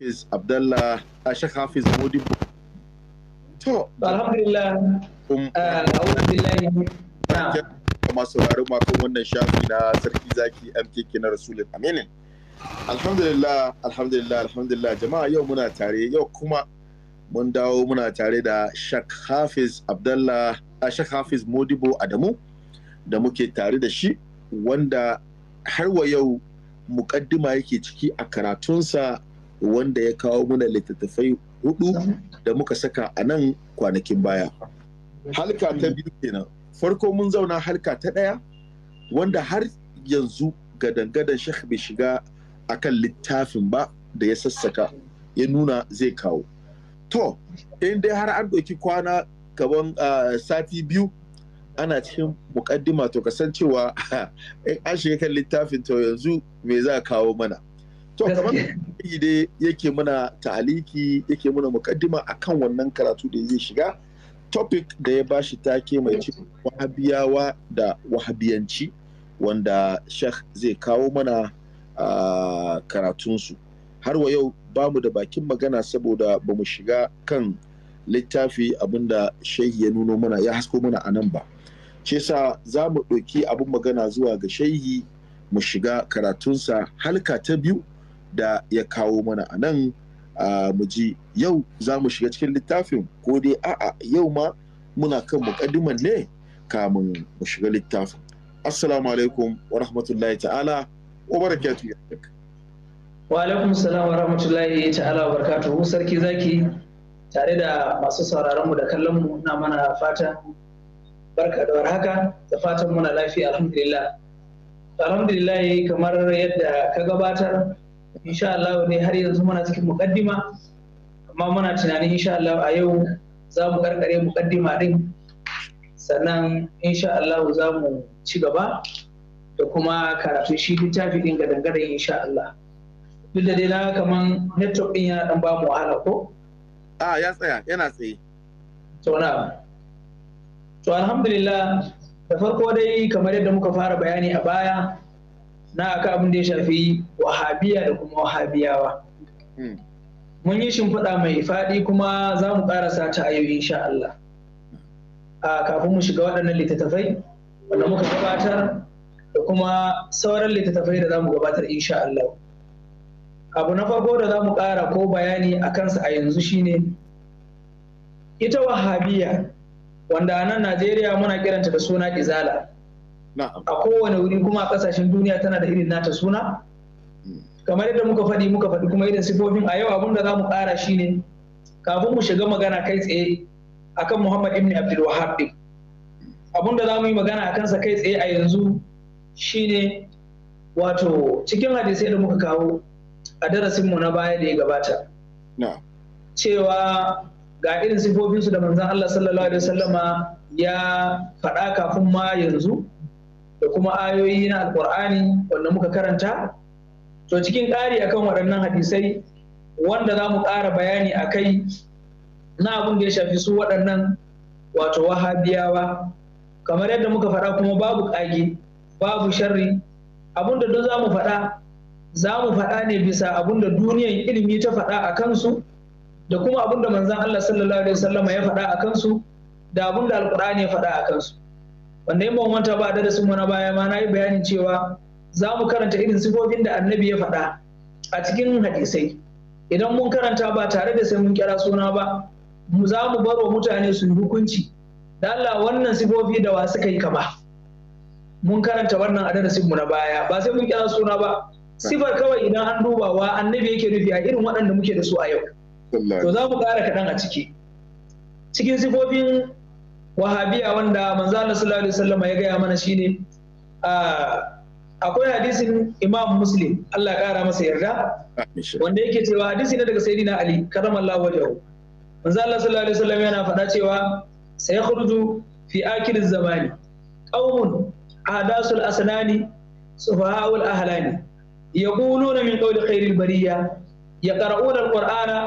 Hafiz Abdallah uh, Sheikh Hafiz Modi. To, alhamdulillah. Um, uh, alhamdulillah. Kuma sauraro makon wannan shafi na Sarki Zaki MKK na Rasul Aminin. Alhamdulillah, alhamdulillah, alhamdulillah. Jama'a yau muna tare, yau kuma mun dawo muna tare da Sheikh Hafiz Abdallah, uh, Sheikh Hafiz Modibo Adamu da muke tare da shi wanda har wa yau mukaddima yake ciki a karatunsa wanda ya kawo mana littattafai hudu da muka saka a nan kwanakin baya halka ta biyu kenan farko mun zauna halka ta ɗaya wanda har yanzu gadan shak bai shiga a kan littafin ba da ya sassaka ya nuna zai kawo to in dai har an ɗauki kwana gaban ah, sati biyu ana cikin mukaddima to kasancewa in an shiga kan littafin to yanzu me za kawo mana to kamar da yake muna tahaliki yake muna mukaddima akan wannan karatu da zai shiga topic da ya bashi take mai ci wahabiyawa da wahabiyanci wanda sheikh zai kawo mana karatunsu har wa yau ba mu da bakin magana saboda ba mu shiga kan littafi abinda shehi ya nuno mana ya hasko mana a nan ba ce sa za mu ɗauki abin magana zuwa ga shehi mu shiga karatunsa halka ta biyu da ya kawo mana a nan mu ji yau za mu shiga cikin littafin ko dai a'a yau ma muna kan muƙaddiman ne kamun mu shiga littafin assalamu alaikum wa rahmatullahi ta'ala wa barakatuhu wa alaikum salam wa rahmatullahi ta'ala wa barakatuhu sarki zaki tare da masu sauraron mu da kallon mu na mana fata barka da warhaka da fatan muna lafiya alhamdulillah alhamdulillah kamar yadda ka gabatar insha Allah ne har yanzu muna cikin mukaddima amma muna tunanin insha Allah a yau za mu karkare mukaddima din sannan insha Allah za mu ci gaba da kuma karatu shi littafi din ga dangare insha Allah duk da dai na kaman network din yana dan ba mu wahala ko a ya tsaya yana tsaye to na to alhamdulillah da farko dai kamar yadda muka fara bayani a baya na aka abin da ya shafi wahabiya da kuma wahabiyawa hmm. mun yi shimfiɗa mai faɗi kuma za mu ƙarasa ta ayoyi insha Allah a kafin mu shiga waɗannan littattafai wanda muka gabatar da kuma sauran littattafai da za mu gabatar insha Allah abu na farko da za mu ƙara ko bayani a kansa a yanzu shine ita wahabiya wanda a nan najeriya muna kiranta da suna izala a kowane wuri kuma a kasashen duniya tana da irin nata suna kamar yadda muka faɗi muka faɗi kuma irin sifofin a yau abinda da za mu ƙara shi ne kafin mu shiga magana kai tsaye akan Muhammad ibn Abdul Wahhab din da za mu yi magana a kansa kai tsaye a yanzu shine wato cikin hadisai da muka kawo a darasin mu na baya da ya gabata cewa ga irin sifofinsu da manzan Allah sallallahu alaihi wasallama ya faɗa kafin ma yanzu da kuma ayoyi na alkur'ani wanda muka karanta to cikin ƙari akan waɗannan hadisai wanda za mu ƙara bayani a kai na abin da ya shafi su waɗannan wato wahabiyawa kamar yadda muka faɗa kuma babu ƙage babu sharri abin da duk za mu faɗa za mu faɗa ne bisa abin da duniyan ilimi ta faɗa a kansu da kuma abin da manzan Allah sallallahu alaihi wasallama ya faɗa a kansu da abin da alƙur'ani ya faɗa a kansu wanda yin ban wanta ba a darasin mu na baya ma na yi bayanin cewa za mu karanta irin sifofin da annabi ya faɗa a cikin hadisai idan mun karanta ba tare da sai mun kira suna ba mu za mu baro mutane su hukunci da Allah wannan sifofi da wa suka yi kama mun karanta wannan a darasin mu na baya ba sai mun kira suna ba sifar kawai idan an duba wa annabi yake nufi a irin waɗanda muke da su a yau to za mu ƙara kaɗan a ciki cikin sifofin wahabiya wanda manzo sallallahu alaihi wasallam ya gaya mana shine akwai hadisin Imam Muslim Allah ya kara masa yarda wanda yake cewa hadisi ne daga Sayyidina Ali karamallahu wajhahu manzo sallallahu alaihi wasallam yana faɗa cewa sayakhruju fi akhiriz zamani qaumun ahdasul asnani sufaha'ul ahlani yaquluna min qawli khairil bariyya yaqra'una alqur'ana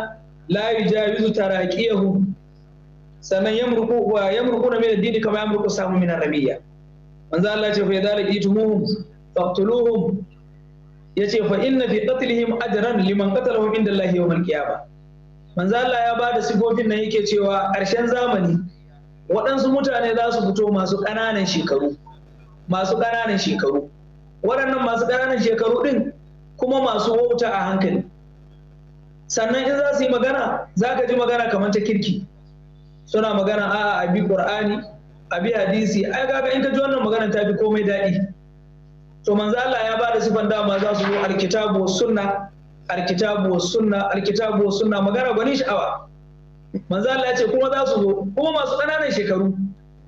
la yujawizu taraqiyahum sannan yamruku wa na min ad-din kama yamruku samu min arabiya manzo Allah ce fa idza laqitumuhum faqtuluhum yace fa inna fi qatlihim ajran liman qatalahum inda Allah yawm al-qiyamah manzo Allah ya da sigofin nan yake cewa ƙarshen zamani waɗansu mutane za su fito masu ƙananan shekaru masu ƙananan shekaru waɗannan masu ƙananan shekaru ɗin kuma masu wauta a hankali sannan in za su yi magana za ka ji magana kamar ta kirki suna magana a a bi qur'ani a bi hadisi ai kaga in ka ji wannan magana ta fi komai daɗi to manzo Allah ya bada sifan dama za su zo alkitabu sunna alkitabu sunna alkitabu sunna magana gwanin sha'awa manzo Allah ya ce kuma za su zo kuma masu ƙananan shekaru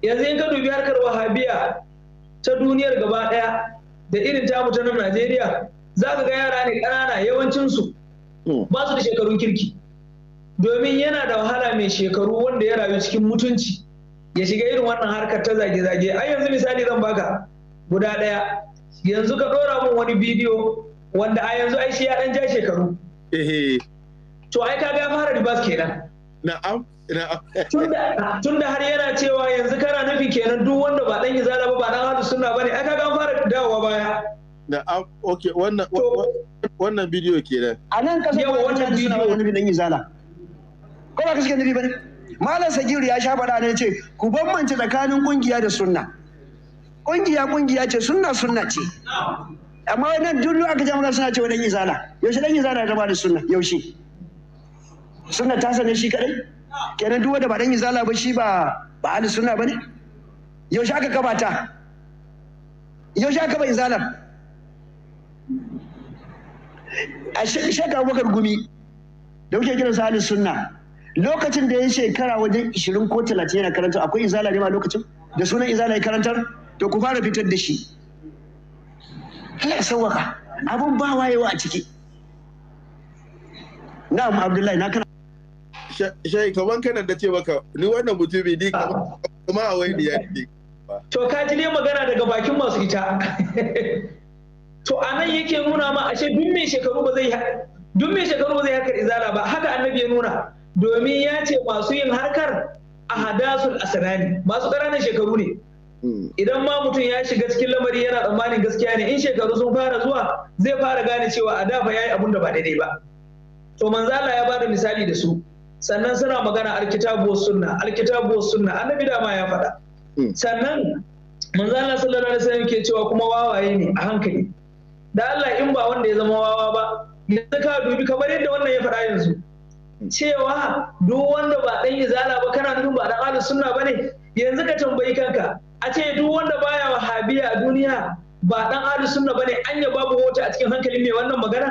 yanzu in ka dubi harkar wahabiya ta duniyar gaba ɗaya da irin tamu ta nan Najeriya za ka ga yara ne ƙanana yawancinsu hmm. ba su da shekarun kirki domin yana da wahala mai shekaru wanda ya rayu cikin mutunci ya shiga irin wannan harkar ta zage-zage ai yanzu misali zan baka guda ɗaya yanzu ka ɗora mun wani bidiyo wanda a yanzu ai shi ya ɗan ja shekaru to ai ka ya fara ribas kenan na'am tunda har yana cewa yanzu kana nufi kenan duk wanda ba dan izala ba ba dan hadu sunna bane ai kaga ga fara dawowa baya na'am okay wannan wannan bidiyo kenan anan kasa wannan bidiyo wani dan izala ko ba ka suke nufi ba ne malam sagiru ya sha faɗa ne ce ku bambance tsakanin kungiya da sunna kungiya kungiya ce sunna sunna ce amma wannan duk aka jama'a suna ce wani izala yaushe dan izala ya zama da sunna yaushe sunna ta sanin shi kadai kenan duk wanda ba dan izala ba shi ba ba ahli sunna bane yaushe aka kaba ta yaushe aka ba izala a shekaru bakar gumi da kuke sa ahli sunna lokacin da ya shekara wajen 20 ko 30 yana karanta akwai izala ne ma lokacin da sunan izala ya karantar to ku fara fitar da shi Allah sawaka abun ba wayewa a ciki na'am abdullahi na kana shai kaman kana da ce maka ni wannan mutumi ne, ah. kuma a wai ne ya ne to ka ji ne magana daga bakin masu ita to anan yake nuna ma ashe duk mai shekaru ba zai duk mai shekaru ba zai haka izala ba haka annabi ya nuna domin ya ce masu yin harkar a hadasul asanani masu ƙananan shekaru ne hmm. idan ma mutum ya shiga cikin lamari yana tsammanin gaskiya ne in shekaru sun fara zuwa zai fara gane cewa a dafa yi abun da ba daidai ba to manzala ya bada misali da su sannan suna magana alkitabu sunna alkitabu sunna annabi dama ya faɗa hmm. sannan manzala sallallahu alaihi wasallam ke cewa kuma wawaye ne a hankali da Allah in ba wanda ya zama wawa ba yanzu ka dubi kamar yadda wannan ya faɗa yanzu cewa duk wanda ba dan izala ba kana nuna ba da ahlus sunna bane yanzu ka tambayi kanka a ce duk wanda baya wahabiya a duniya ba dan ahlus sunna bane anya babu wata a cikin hankali mai wannan magana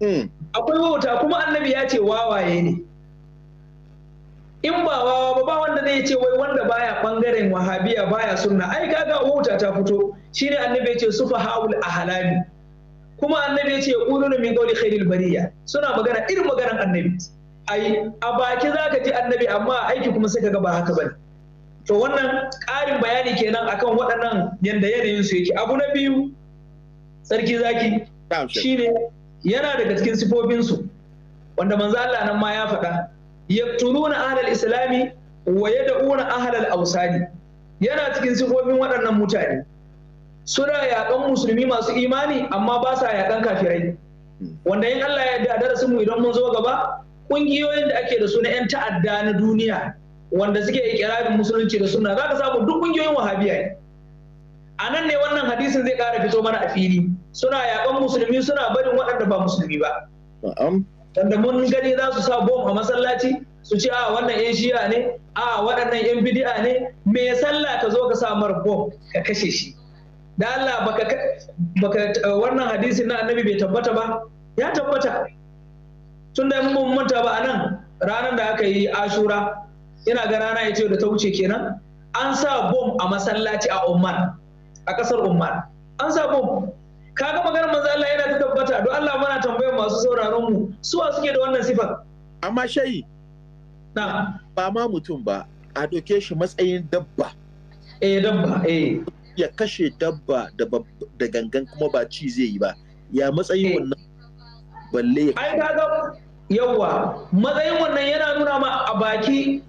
hmm. akwai wauta kuma annabi ya ce wawaye ne in ba wawa ba ba wanda zai ce wai wanda baya bangaren wahabiya baya sunna ai kaga wauta ta fito shine annabi ya ce sufa haul ahlami kuma annabi ya ce quluna min qawli khairil bariya suna magana irin maganar annabi ai a baki za ka ji annabi amma aiki kuma sai ka ba haka bane to wannan ƙarin bayani kenan akan waɗannan yanda yanayin su yake abu na biyu sarki zaki shine yana daga cikin sifofin su wanda manzo Allah nan ma ya faɗa yaqtuluna ahlal islami wa yad'una ahlal awsani yana cikin sifofin waɗannan mutane suna yaƙan musulmi masu imani amma ba sa yaƙan kafirai hmm. wanda in Allah ya yarda darasin mu idan mun zo gaba ƙungiyoyin da ake da su na 'yan ta'adda na duniya wanda suke ikirarin musulunci da suna za ka samu duk ƙungiyoyin wahabiya ne a nan ne wannan hadisin zai ƙara fito mana a fili suna yaƙan musulmi suna barin waɗanda ba musulmi ba tanda mun gani za su sa bom a masallaci su ce a wannan yan shiya ne a waɗannan yan bidi'a ne me sallah ka zo ka sa mar bom ka kashe shi da Allah baka wannan hadisin na annabi bai tabbata ba ya tabbata tun da mun manta ba a nan ranar da aka yi ashura yana ga rana ya ce da ta wuce kenan an sa bom a masallaci a Oman a kasar Oman an sa bom kaga maganar manzo Allah yana ta tabbata don Allah muna tambayar masu sauraron mu Su wa suke da wannan sifar amma shayi na ba ma mutum ba a doke shi matsayin dabba eh dabba eh ya kashe dabba da gangan kuma ba ci zai yi ba ya matsayin eh. wannan balle ai kaga yawa matsayin wannan yana nuna ma a baki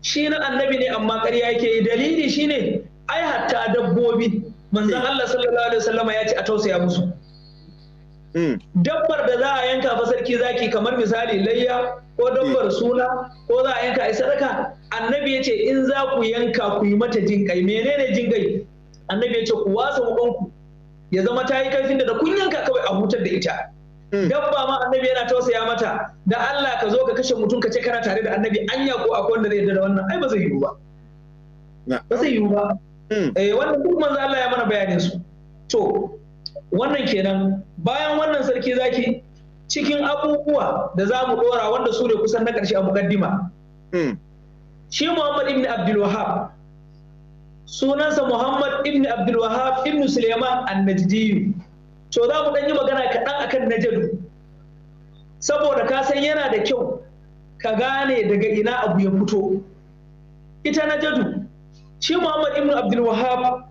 shi na annabi ne amma ƙarya yake yi dalili shine ai hatta dabbobi manzon hmm. Allah sallallahu alaihi wasallama ya ce a tausaya musu hmm. dabbar da za a yanka fa sarki zaki kamar misali layya ko dabbar hmm. suna ko za a yanka a sadaka annabi ya ce in za ku yanka ku yi mata jinƙai menene jinƙai annabi ya ce ku wasa ku. ya zama ta yi kaifin da kun yanka kawai a hutar da ita Hmm. dabba ma annabi yana tausaya mata da Allah ka zo ka kashe mutum ka ce kana tare da annabi anya ko akwai wanda zai yarda da wannan ai ba zai yiwu ba ba zai yiwu ba hmm. eh wannan duk manzo Allah ya mana bayanin su to wannan kenan bayan wannan sarki zaki cikin abubuwa da za mu dora wanda su ne kusan na karshe a mukaddima hmm. shi Muhammad ibn Abdul Wahhab sunansa Muhammad ibn Abdul Wahhab ibn Suleiman an so za mu ɗan yi magana kaɗan akan najadu saboda ka san yana da kyau ka gane daga ina abu ya fito ita najadu shi muhammad ibn abdul wahab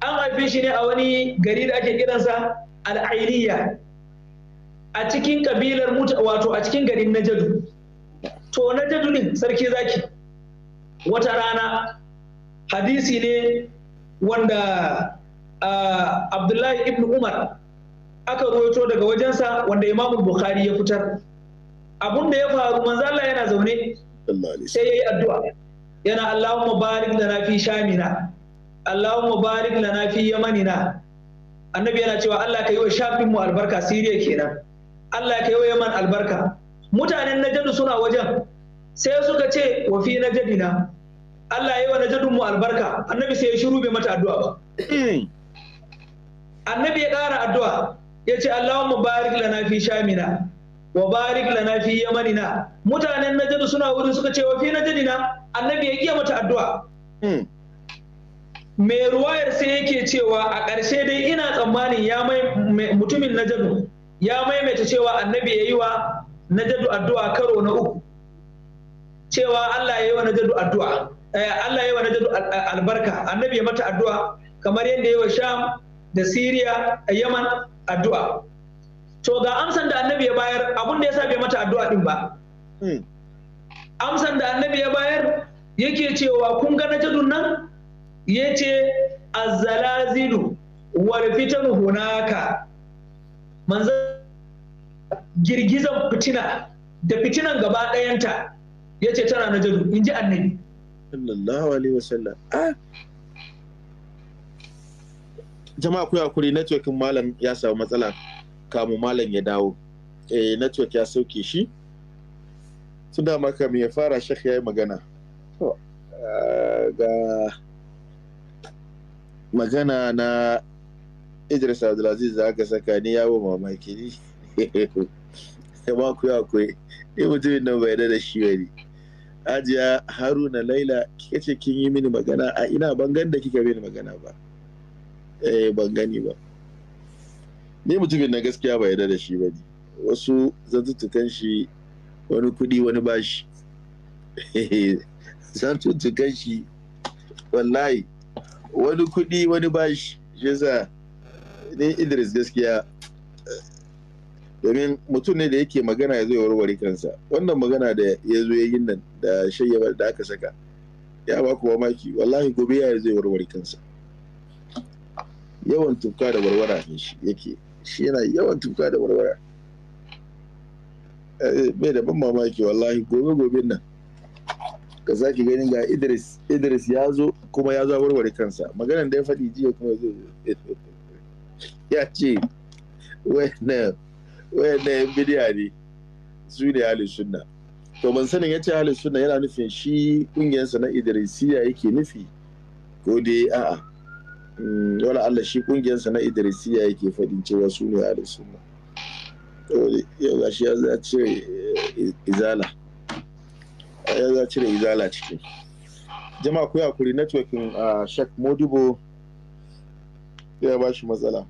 an haife shi ne a wani gari da ake kiransa al'ailiya a cikin kabilar muta wato a cikin garin najadu to najadu ne sarki zaki wata rana hadisi ne wanda ah, abdullahi ibn umar aka ruwaito daga wajensa wanda Imam Bukhari ya fitar abun da ya faru Manzala yana zaune sai yi addu'a yana Allahumma barik lana fi shamina Allahumma barik lana fi yamanina annabi yana cewa Allah ka yi wa shafin mu albarka Siriya kenan Allah ka yi wa Yaman albarka mutanen Najadu suna wajen sai suka ce wa fi Najadina Allah ya yi wa Najadun mu albarka annabi sai ya shiru bai mata addu'a ba hmm. annabi ya ƙara addu'a ya ce Allahumma barik lana fi shamina wa barik lana fi yamanina mutanen najadu suna wurin suka ce wa fi najadina annabi ya iya mata addu'a mai hmm. ruwayar sai yake cewa a ƙarshe dai ina tsammanin ya mai mutumin najadu ya maimaita cewa annabi ya yi wa najadu addu'a karo na uku cewa Allah ya yi wa najadu addu'a eh, Allah ya yi wa najadu albarka annabi ya mata addu'a kamar yadda ya yi wa sham da siriya a yaman addu'a to ga amsan da annabi ya bayar abin da ya sa bai mata addu'a din ba hmm. amsan da annabi ya bayar yake cewa kun ga najadun nan ya ce azzalazilu wal fitanu hunaka manzan girgizan fitina da fitinan gaba ɗayanta ya ce tana najadu in ji annabi sallallahu alaihi wasallam ah, jama'a kuya kuri networkin malam ya samu matsala kamu malam ya dawo eh network ya sauke shi su dama ya fara shek ya yi magana eh, ga magana na idris abdulaziz da aka saka ni yawo mamaki ne ba ku ya ni mutumin nan bai da shi wani ajiya haruna laila ke ce kin yi mini magana a ina bangan da kika mini magana ba eh ban gani ba ni mutumin na gaskiya ba yarda da shi ba ne wasu zantuttukan shi wani kudi wani bashi zantuttukan shi wallahi wani kudi wani bashi shi sa ni idris gaskiya domin mutum ne da yake magana ya zai warware kansa wannan magana da ya zo yayin nan da shayyaba da aka saka ya ba ku mamaki wallahi gobe ya zai warware kansa yawan tufka da warwara ne shi yake shi yana yawan tufka da warwara mai eh, da ban mamaki wallahi gobe gobe nan ka sake ganin ga idris idris ya zo kuma ya zo warware kansa maganan da ya faɗi jiya kuma zo ya ce wayannan yan bidiya ne su ne ahli sunna to ban sanin ya ce ahli sunna yana nufin shi kungiyarsa na idrisiya yake nufi ko dai a'a wani mm, Allah shi kungiyarsa na Idrisiya yake faɗin cewa su ne a sunna yau ga shi ya cire eh, izala ya za cire izala ciki jama'a ku kuri networking a ah, shek modibo ya ba shi matsala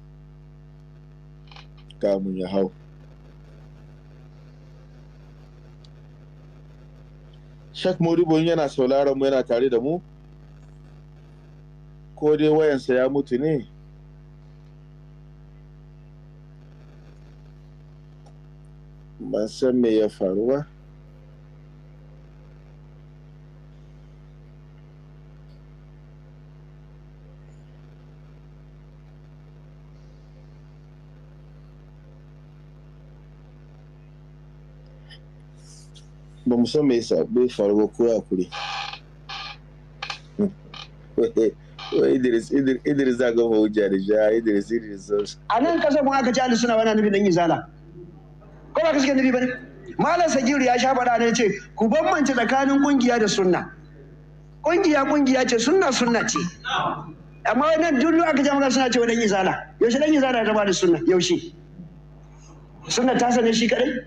kamun ya hau shek modibo yana sauraron mu yana tare da mu ko dai wayansa ya mutu ne ban san me ya faru ba ba mu san me ya faru ba ko ya kure Idris Idris za ga hujja da ja ah, Idris Idris a nan kasar kun aka ci ahli suna wani nufin dan izala ko ba ka suke nufi bane malam sagiru ya sha faɗa ne ce ku bambance tsakanin kungiya da sunna kungiya kungiya ce sunna sunna ce amma wannan duk aka ce maka suna ce wani izala yaushe dan izala ta ba da sunna yaushe sunna ta sanya shi kadai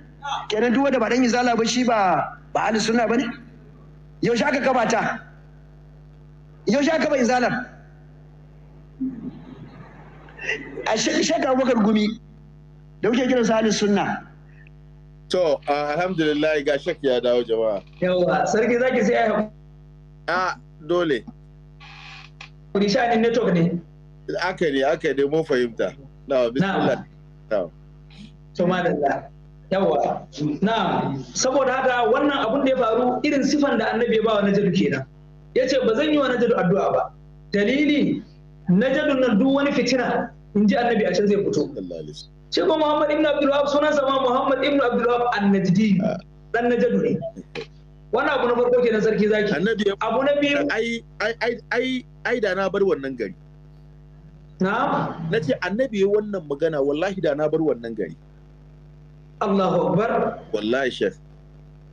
kenan duk wanda ba dan izala ba shi ba ba ahli sunna bane yaushe aka kabata yaushe aka ba izalar a shekaru abubakar gumi da kuke kiran sa halin sunna to alhamdulillah ga shak ya dawo jama'a yawa sarki zaki sai ai a dole kuri shanin network ne aka ne aka ne mun fahimta na bismillah to madalla yawa na saboda haka wannan abun da ya faru irin sifan da annabi ya ba wa najadu kenan yace ce ba zan yi wa najadu addu'a ba dalili najadun nan duk wani fitina in ji annabi a can zai fito shi ko muhammad ibn Abdullawab sunan sa ma muhammad ibn abdul wahab annajdi ah. dan najadu ne wannan abu na farko na sarki zaki abu na biyu ai ai ai ai da na bar wannan gari na ce annabi wannan magana wallahi da na bar wannan gari Allahu akbar wallahi shekh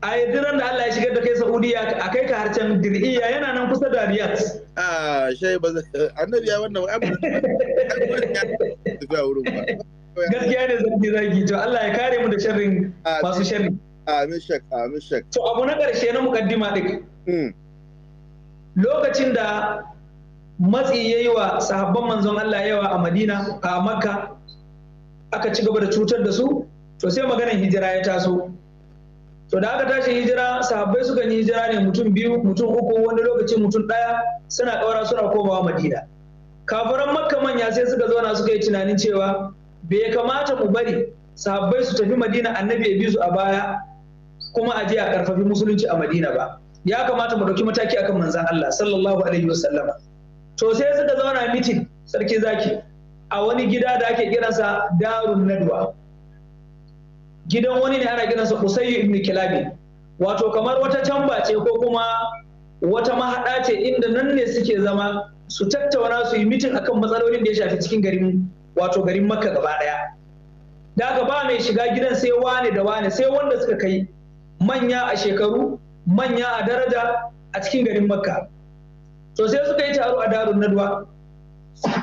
a yanzu da Allah ya shigar da kai Saudiya a kai ka harcen dir'iya yana nan kusa da Riyadh. Ah, shai ba annabi ya wannan ba ba. Gaskiya ne zan zangi zagi to Allah ya kare mu da sharrin masu sharri. Amin shak, amin shak. To abu na ƙarshe na mukaddima ɗin. Hmm. Lokacin da matsi ya yi wa sahabban manzon Allah yawa a Madina a Makka aka ci gaba da cutar da su to sai maganar hijira ya taso. to da aka tashi hijira sahabbai suka yi hijira ne mutum biyu mutum uku wani lokaci mutum daya suna ƙaura suna komawa madina kafiran makka manya sai suka zauna suka yi tunanin cewa bai kamata mu bari sahabbai su tafi madina annabi ya bi su a baya kuma a je a karfafi musulunci a madina ba ya kamata mu ɗauki mataki akan manzan Allah sallallahu alaihi wasallama to sai suka zauna mitin sarki zaki a wani gida da ake kiransa darun nadwa gidan wani ne ana gidansa Usayyu ibn Kilabi wato kamar wata camba ce ko kuma wata mahaɗa ce inda nan ne suke zama su tattauna su yi mitin akan matsalolin da ya shafi cikin garin wato garin Makka gaba ɗaya daga ba mai shiga gidan sai wane da wane sai wanda suka kai manya a shekaru manya a daraja a cikin garin Makka to sai suka yi taro a darun nadwa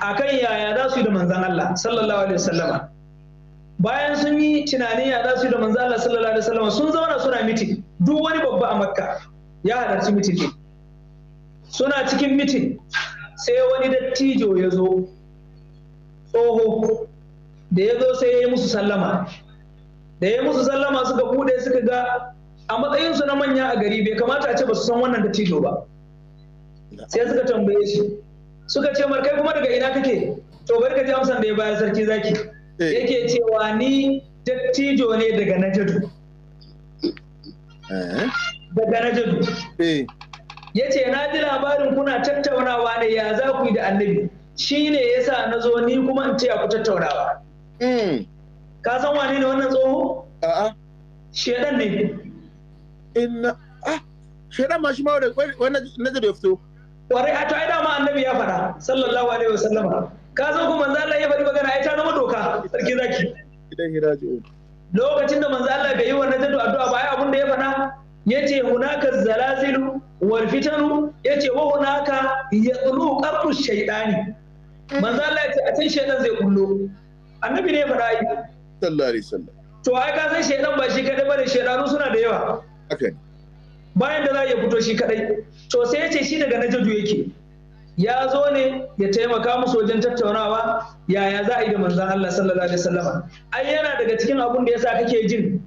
akan yaya za su yi da manzon Allah sallallahu alaihi wasallama bayan sun yi tunanin ya za su yi da manzo Allah sallallahu alaihi wasallam sun zauna suna mitin duk wani babba a makka ya halarci mitin ne suna cikin mitin sai wani dattijo ya zo tsoho da ya zo sai ya yi musu sallama da ya yi musu sallama suka bude suka ga a matsayinsu na manya a gari bai kamata a ce ba su san wannan dattijo ba sai suka tambaye shi suka ce mar kuma daga ina kake to bari ka ji amsan da ya bayar sarki zaki Eh. yake cewa ni dattijo ne daga najadu eh. daga najadu eh. ya ce na ji labarin kuna tattaunawa ne ya za ku yi da annabi shi ne ya sa na zo ni kuma in ce ku tattaunawa hmm. ka san wani ne wannan tsoho? a'a shedan ne inna ah shedan ma shi ma wannan najadu ya fito kwarai a to ai dama annabi ya faɗa sallallahu alaihi wasallama ka zo ku manzo Allah ya bari magana ai ta zama doka sarki zaki idan lokacin da manzo Allah bai yi wannan jaddu addu'a ba ai abun da ya faɗa yace hunaka zalazilu wal fitanu yace wa hunaka yaqulu qabru shaytani manzo Allah yace a can shaytan zai kullo annabi ne ya faɗa ai sallallahu alaihi wasallam to ai ka san shaytan ba shi kadai bane shaytanu suna da yawa bayan da za a iya fito shi kadai to sai yace shi daga najadu yake ya zo ne ya taimaka musu wajen tattaunawa yaya za a yi da manzan Allah sallallahu alaihi wasallam ai yana daga cikin abun da yasa kake jin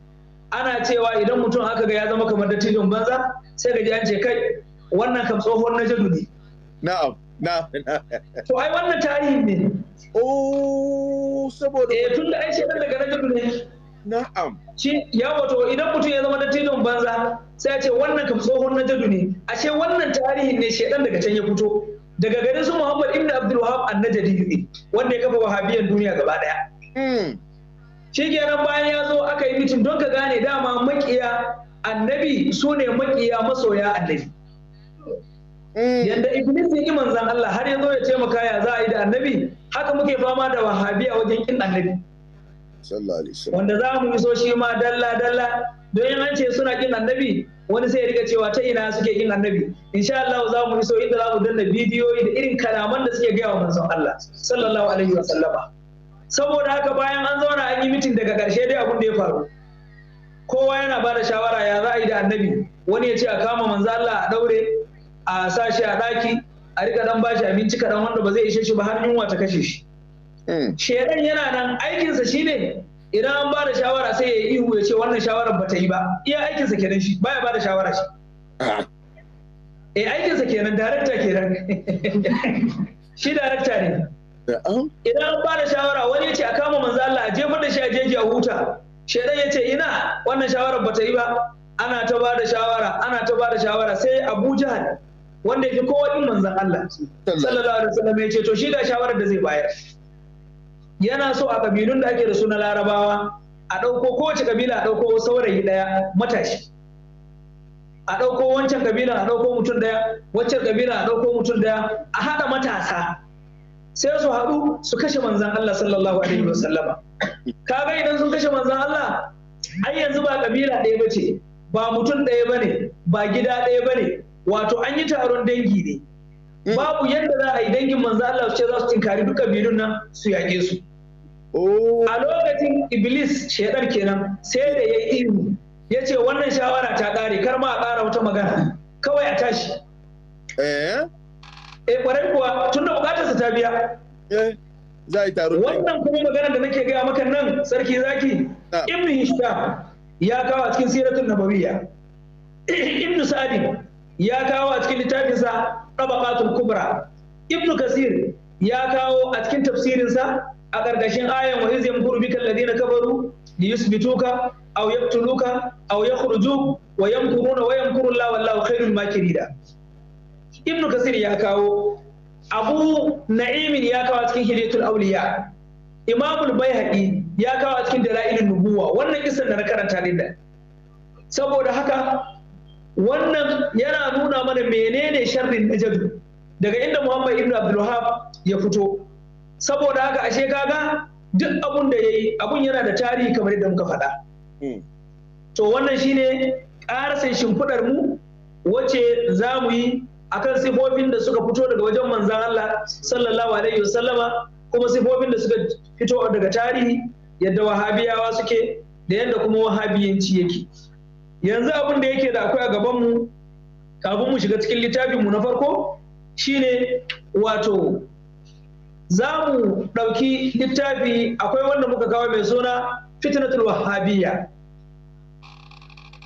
ana cewa idan mutum aka ga ya zama kamar dattijon banza sai ga an ce kai wannan kam tsohon na jadu ne na'am na'am to ai wannan tarihi ne oh saboda eh da ai shi daga jadu ne Na'am. Shi ya wato idan mutum ya zama dattijon banza sai ya ce wannan kam tsohon na jadu ne ashe wannan tarihin ne shedan daga can ya fito. daga garin su Muhammad ibn Abdul Wahab annajadi ne wanda ya kafa wahabiyan duniya gaba daya hmm. shi kenan bayan ya zo aka yi mitin don ka gane dama makiya annabi su ne makiya masoya annabi hmm. yadda iblis ya ki manzan Allah har ya zo ya ya za a yi da annabi haka muke fama da wahabiya wajen kin annabi wanda za mu iso shi ma dalla dalla don yin an ce suna kin annabi wani sai ya riga cewa ta ina suke yin annabi insha Allah za mu iso inda za mu danna bidiyoyi da irin kalaman da suke gaya wa manzon Allah sallallahu alaihi wa sallama saboda haka bayan an zauna an yi mitin daga karshe dai abun da ya faru kowa yana ba da shawara ya za a yi da annabi wani ya ce a kama manzon Allah a daure a sa a daki a rika dan bashi abinci kadan wanda ba zai ishe shi ba har yunwa ta kashe shi hmm. shedan yana nan aikinsa shine idan an ba da shawara sai ya yi ihu ya ce wannan shawarar ba ta yi ba iya aikinsa kenan shi baya ba da shawara shi ah. eh aikinsa kenan darakta kenan shi darakta ne idan an ba da shawara wani ya ce a kama manzo Allah a jefar da shi a jeji a huta shedan ya ce ina wannan shawarar ba ta yi ba ana ta ba da shawara ana ta ba da shawara sai Abu Jahal wanda ya kowa din manzo Allah sallallahu alaihi wasallam ya ce to shi da shawarar da zai bayar yana so a kabilun da ake da su na larabawa a ɗauko kowace kabila a ɗauko saurayi ɗaya matashi a ɗauko wancan kabila a ɗauko mutum ɗaya wancan kabila a ɗauko mutum ɗaya a haɗa matasa sai su haɗu su kashe manzan Allah sallallahu alaihi wa sallama kaga idan sun kashe manzan Allah ai yanzu ba kabila ɗaya ba ce ba mutum ɗaya ba ne ba gida ɗaya ba ne wato an yi taron dangi ne Mm. babu yadda za a yi dangin manzo Allah ce za su tinkari duka biyun nan su yaƙe su oh. a lokacin iblis shedar kenan sai da yayi ihu ya ce wannan shawara ta ƙare kar ma a ƙara wata magana kawai a tashi eh eh kwarai kuwa tun da bukatarsa ta biya eh, za yi taro wannan kuma magana da nake gaya maka nan sarki zaki ibnu hisham ya kawo a cikin siratul nabawiyya ibnu Sa'adi ya kawo a cikin littafinsa tabaqatul kubra ibnu kasir ya kawo a cikin tafsirinsa a gargashin ayan wa izim kuru bika Kabaru, kafaru li yusbituka aw yaqtuluka aw yakhrujuk wa yamkuruna wa yamkuru Allah wallahu khairul makirida ibnu kasir ya kawo abu na'imin ya kawo cikin hidayatul awliya imamul bayhaqi ya kawo cikin dalailin nubuwa wannan kisan da na karanta din saboda haka wannan yana nuna mana menene sharrin najadu daga inda muhammad ibn abdulhab ya fito saboda haka ashe kaga duk abun da ya yi abun yana da tarihi kamar yadda muka faɗa hmm. to wannan shine ƙarasin shimfiɗar mu wace za mu yi akan sifofin da suka fito daga wajen manzan Allah sallallahu alaihi wasallama kuma sifofin da suka fito daga tarihi yadda wahabiyawa suke da yadda kuma wahabiyanci yake yanzu abin da yake da akwai a gabanmu kafin mu shiga cikin littafinmu na farko shine wato za mu ɗauki littafi akwai wanda muka kawo mai suna fitnatul wahabiyya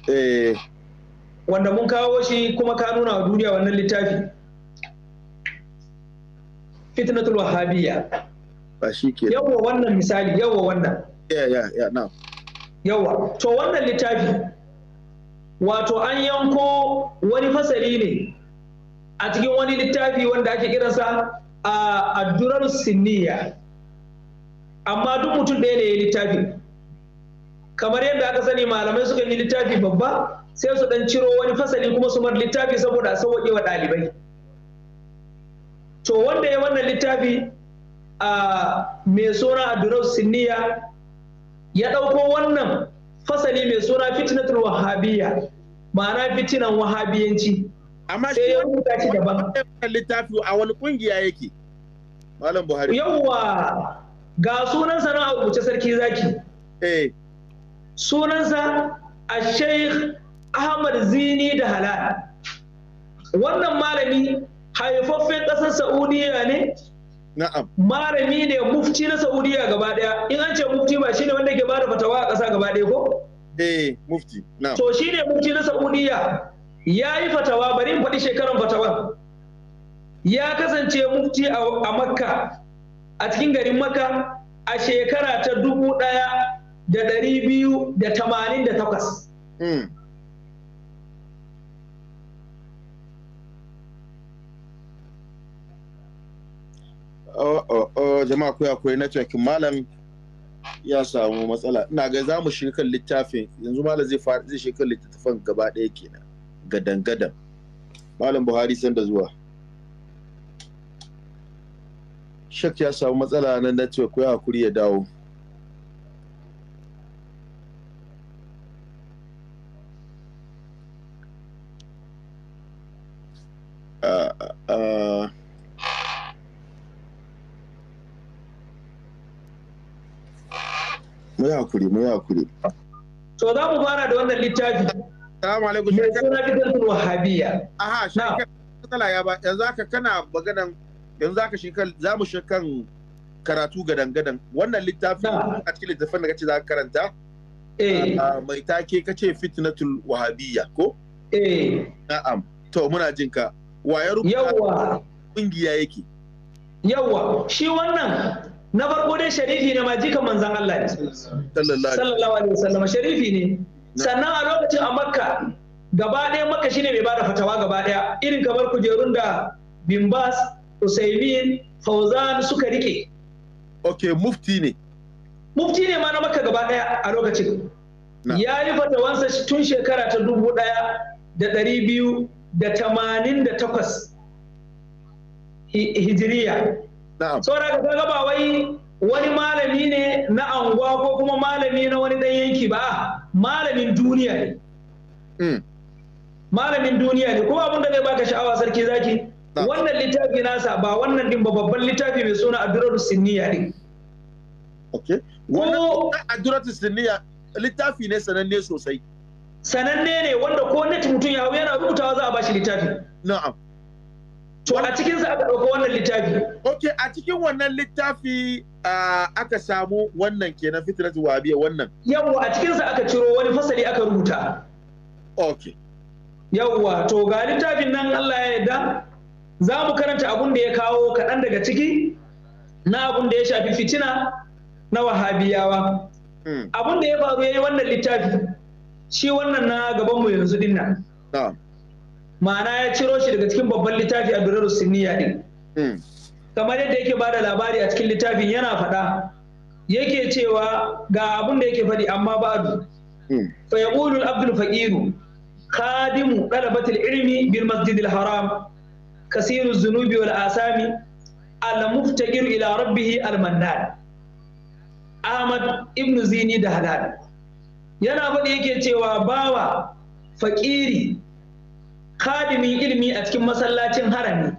eh. wanda mun kawo shi kuma ka nuna wa duniya wannan littafi fitnatul wahabiyya ba shi ke yawa wannan misali yawa wannan yeah, yeah, yeah, no. yawa to wannan littafi wato an yanko wani fasali ne a cikin wani littafi wanda ake kiransa a addurar sinniya amma duk mutum ɗaya ne ya littafi kamar yadda aka sani malamai suka yi littafi babba sai su ɗan ciro wani fasali kuma su mar littafi saboda a sauwaƙe wa ɗalibai to wanda ya wannan littafi a mai suna addurar sinniya ya ɗauko wannan fasali mai suna fitnatul wahabiyya ma'ana fitinan wahabiyanci amma shi ya rubuta shi daban littafi a wani kungiya yake malam buhari yawwa ga sa na rubuce sarki zaki eh sunansa a sheikh ahmad zini da halal wannan malami haifaffen ƙasar saudiya ne Na'am. Malami ne mufti na Saudiya gaba daya. In an ce mufti ba shine wanda ke bada fatawa a ƙasa gaba daya ko? the eh, mufti to shi ne mufti na saudiya ya yi fatawa bari in faɗi shekaran fatawan ya kasance mufti a makka a cikin garin makka a shekara ta dubu ɗaya da ɗari biyu da tamanin da takwas hmm. Oh, oh, oh, jama'a kuya kuwa na cikin malam ya samu matsala ina ga za mu shirkan littafin yanzu malam zai fara zai shirkan littafin gaba ɗaya kenan gadan gadan malam buhari san da zuwa shak ya samu matsala na network ya hakuri ya dawo uh, uh, mu yi hakuri mu yi hakuri to za mu fara da wannan littafi Salamu alaikum Me suna bidatul wahabiya aha shi matsala ya ba yanzu haka kana maganan yanzu haka shi kan za mu shi kan karatu gadan gadan wannan littafi a cikin littafin da kace za ka karanta eh mai take kace fitnatul waHabiya ko eh na'am to muna jin ka wa ya rubuta yawa kungiya yake yawa shi wannan na farko dai sharifi ne ma jikan manzan Allah ne sallallahu alaihi wasallam sharifi ne sannan a lokacin a makka gaba ɗaya makka shine mai bada fatawa gaba ɗaya irin kamar kujerun da bimbas usaimin fauzan suka rike ok mufti ne mufti ne ma na makka gaba ɗaya a lokacin ya yi fatawansa tun shekara ta dubu ɗaya da ɗari biyu da tamanin da takwas hijiriya saboda ka ga ba wai wani malami ne na anguwa ko kuma malami na wani dan yanki ba malamin duniya ne mm. malamin duniya ne kuma abin da zai baka sha'awa sarki zaki wannan littafi nasa ba wannan din ba babban littafi mai suna addurar sinniya ne okay wannan addurar sinniya littafi ne sananne sosai sananne ne wanda ko net mutum ya hau yana rubutawa za a bashi littafi na'am To a cikin sa aka ɗauka wannan littafi. Ok, a cikin wannan littafi aka samu wannan kenan fitrat wabiya wannan. Yawwa a cikin sa aka ciro wani fasali aka rubuta. Ok. Yawwa to ga littafin nan Allah ya yarda za mu karanta abun da ya kawo kaɗan daga ciki na abun da ya shafi fitina na wahabiyawa. Hmm. Abun da ya faru ya yi wannan littafi shi wannan na gabanmu yanzu dinnan. ma'ana ya ciro shi daga cikin babban littafi a durar siniya din hmm. kamar yadda yake bada labari a cikin littafin yana faɗa yake cewa ga abin da yake faɗi amma ba'adu hmm. fa yaqulu al-abdul faqiru khadimu talabatil ilmi bil masjidil haram kasiru zunubi wal asami al-muftakir ila rabbih al-mannan ahmad ibn zini da halal yana faɗi yake cewa bawa faƙiri khadimin ilimi a cikin masallacin harami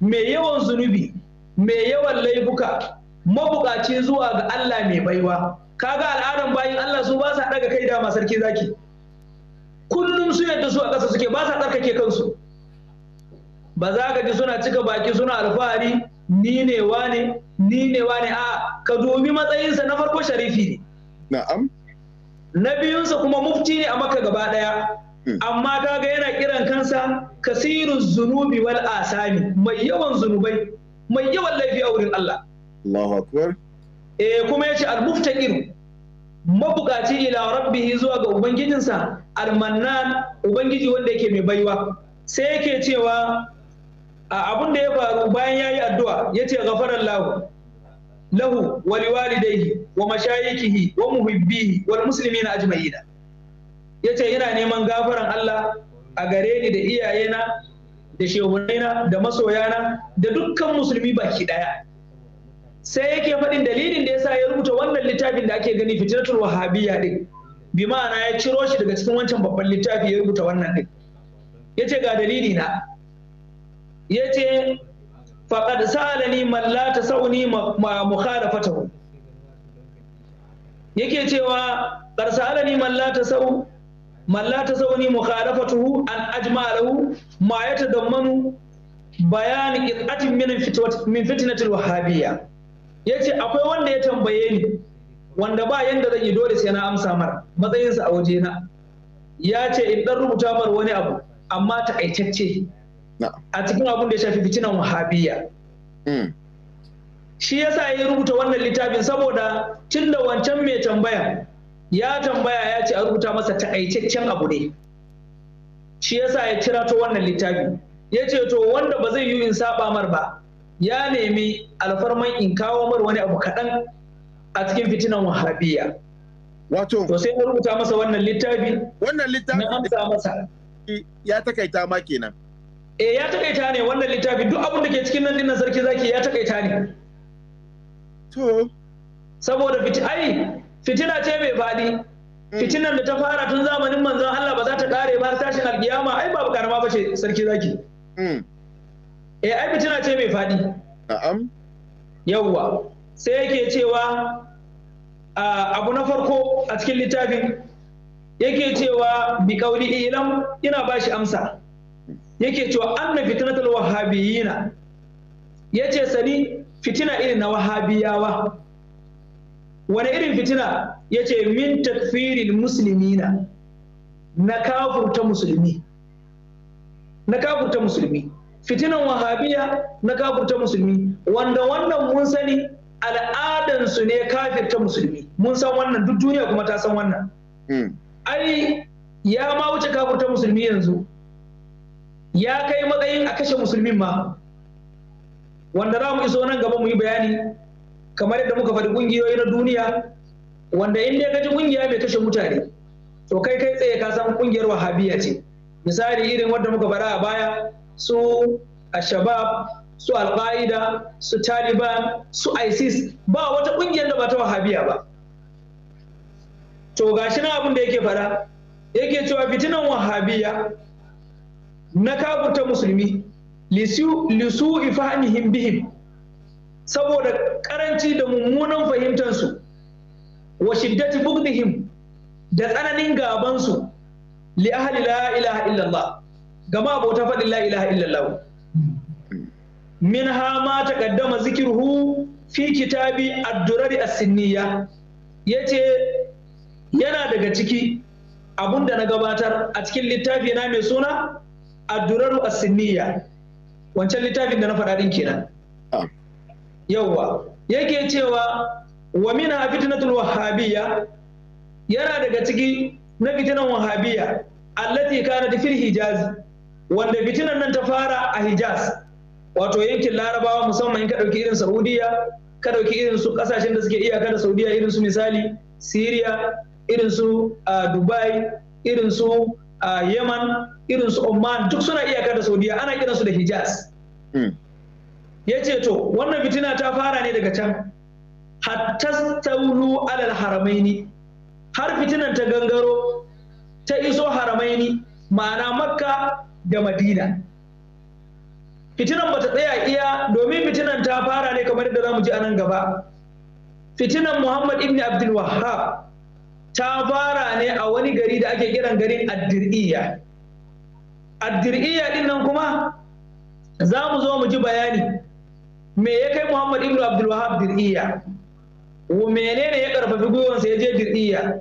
mai yawan zunubi mai yawan laifuka mabukaci zuwa ga Allah mai baiwa kaga al'adan bayin Allah su ba sa daga kai dama sarki zaki kullum su yadda su a ƙasa suke ba sa tsarkake kansu ba za ka ji suna cika baki suna alfahari ni ne wane ni ne wane a ka domin matsayinsa na farko sharifi ne na'am na biyunsa kuma mufti ne a maka gaba ɗaya. Hmm. amma kaga yana kiran kansa kasirun zunubi wal asami mai yawan zunubai mai yawan laifi a wurin Allah Allahu akbar eh kuma yace al muftaqir mabukaci ila rabbihi zuwa ga ubangijinsa mannan ubangiji wanda yake mai baiwa sai yake cewa abin da ya faru bayan yayi addu'a ya yace gafarar lahu wa liwalidayhi wa mashayikihi wa muhibbihi wal muslimina ajma'ina ya ce ina neman gafaran Allah a gare ni da iyayena da shehunaina da masoyana da dukkan musulmi baki daya sai yake faɗin dalilin da yasa ya rubuta wannan littafin da ake gani fitnatul wahabiyya din bi ma'ana ya ciro shi daga cikin wancan babban littafi ya rubuta wannan din yace ga dalili na yace faqad salani man la tasawni ma mukhalafatahu yake cewa qad sa'alani man la mallata zauni tuhu an ajmalahu ma yata dammanu bayani qit'atin min fitwat min fitnatil wahhabiyya yace akwai wanda ya tambaye ni wanda ba yanda zan yi dole sai na amsa mar matsayinsa a waje na yace in dan rubuta mar wani abu amma ta aitacce a cikin abun da ya shafi fitinan wahhabiyya hmm. shi yasa ya rubuta wannan littafin saboda tun da wancan mai tambayan. ya tambaya ya ce a rubuta masa takaitaccen abu ne shi yasa ya kira to wannan littafi ya ce to wanda ba zai yi in saba mar ba ya nemi alfarman in kawo mar wani abu kaɗan a cikin fitinan wahabiya wato to sai ya rubuta masa wannan littafi wannan littafi na amsa masa ya takaita ma kenan eh ya takaita ne wannan littafi duk abin da ke cikin nan dinnan sarki zaki ya takaita ne to saboda fiti ai fitina ce mai faɗi Fitinan da ta fara tun zamanin manzon Allah ba za ta kare ba tashin alkiyama ai babu karama ba ce sarki zaki hmm. eh ai fitina ce mai faɗi na'am yawwa sai yake cewa abu na farko a cikin littafin yake cewa bi kauli ilam ina bashi amsa yake cewa anna fitnatul wahabiyina yace sani fitina irin na wahabiyawa wani irin fitina ya ce min takfirin musulmina na kafurta musulmi na kafurta musulmi fitinan wahabiya na kafurta musulmi wanda wannan mun sani al'adansu ne kafirta musulmi mun san wannan duk duniya kuma ta san wannan hmm. ai ya ma wuce kafurta musulmi yanzu ya kai matsayin a kashe musulmin ma wanda za mu iso nan gaba mu yi bayani kamar yadda muka faɗi ƙungiyoyi na duniya wanda in dai gaji ƙungiya mai kashe mutane to kai kai tsaye ka san ƙungiyar wahabiya ce misali irin wanda muka faɗa a baya su ashabab su alqaida su taliban su isis ba wata ƙungiyar da ba ta wahabiya ba to gashi na abin da yake faɗa yake cewa fitinan wahabiya na kafurta musulmi lisu ifahimihim bihim saboda karanci da mummunan fahimtansu wa shiddati bugdihim da tsananin gabansu li ahli la ilaha illallah gama abota faɗin la ilaha illallah min ha ma taqaddama zikirhu fi kitabi ad-durari as-sinniya yace yana daga ciki abunda na gabatar a cikin littafi na mai suna ad as-sinniya wancan littafin da na faɗa din kenan yauwa yake cewa wa mina fitnatul wahabiyya yana daga ciki na fitinan wahabiyya allati kana fil hijaz wanda fitinan nan ta fara a hijaz wato yankin larabawa musamman in ka ɗauki irin saudiya ka dauki irin su kasashen da suke iyaka da saudiya irin su misali syria irin su dubai irin su yaman irin su oman duk suna iyaka da saudiya ana kiransu da hijaz hmm. ya ce to wannan fitina ta fara ne daga can hatta taulu alal haramaini har fitinan ta gangaro ta iso haramaini ma'ana makka da madina fitinan bata tsaya iya domin fitinan ta fara ne kamar da zamu ji a nan gaba fitinan muhammad ibn abdul wahhab ta fara ne a wani gari da ake kiran garin addir'iyya addir'iyya din nan kuma za mu zo mu ji bayani me ya kai muhammad ibn abdul wahab dir'iya menene ya karfafi gwiwansa ya je dir'iya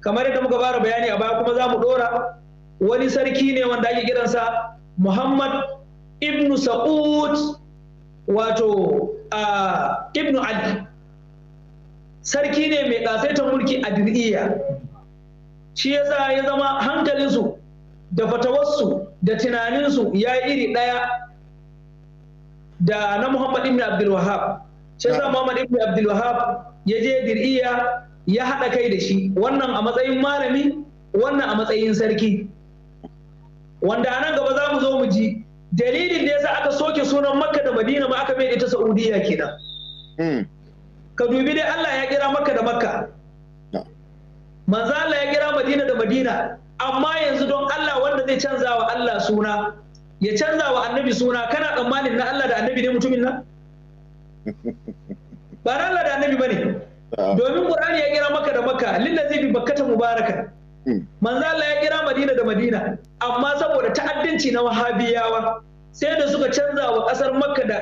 kamar yadda muka fara bayani a baya kuma za mu dora wani sarki ne wanda ake kiransa muhammad ibn sa'ud wato a ibn ali sarki ne mai kasaitar mulki a dir'iya shi yasa ya zama hankalinsu da fatawarsu da tunaninsu ya yi iri ɗaya da na Muhammad ibn Abdul Wahab. sai sa Muhammad ibn Abdul Wahab ya je dir'iya ya haɗa kai da shi wannan a matsayin malami wannan a matsayin sarki wanda a nan gaba za mu zo mu ji dalilin da ya sa aka soke sunan makka da madina ma aka mai ita saudiya kenan hmm. ka dubi dai allah ya kira makka da makka manzo allah ya kira madina da madina amma yanzu don allah wanda zai canza wa allah suna ya canza wa annabi suna kana tsammanin na Allah da annabi ne mutumin nan ba na Allah da annabi bane ah. domin Qur'ani ya kira maka da maka lillazi bi bakkata mubaraka hmm. manzo Allah ya kira Madina da Madina amma saboda ta'addanci na wahabiyawa sai da suka canza wa kasar Makka da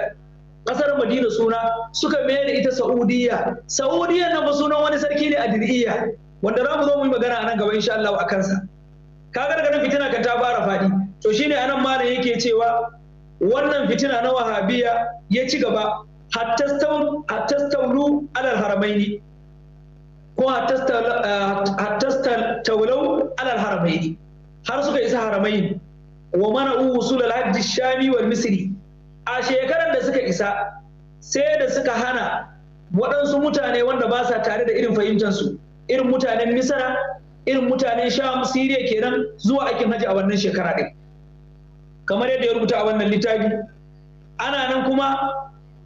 kasar Madina suna suka mayar da ita sa'udiyya Saudiya na sunan wani sarki ne a Diriyya wanda za mu zo mu yi magana a nan gaba insha Allah a kansa kaga daga nan fitina kan ta fara fadi to shine anan malam yake cewa wannan fitina na wahabiya ya ci gaba hatta staulu alal haramaini ko hatta alal haramaini har suka isa haramaini wa mana usul al shami wal misri a shekarar da suka isa sai da suka hana waɗansu mutane wanda ba sa tare da irin fahimtansu irin mutanen misra irin mutanen sham siriya kenan zuwa aikin haji a wannan shekara ɗin kamar yadda ya rubuta a wannan littafi ana nan kuma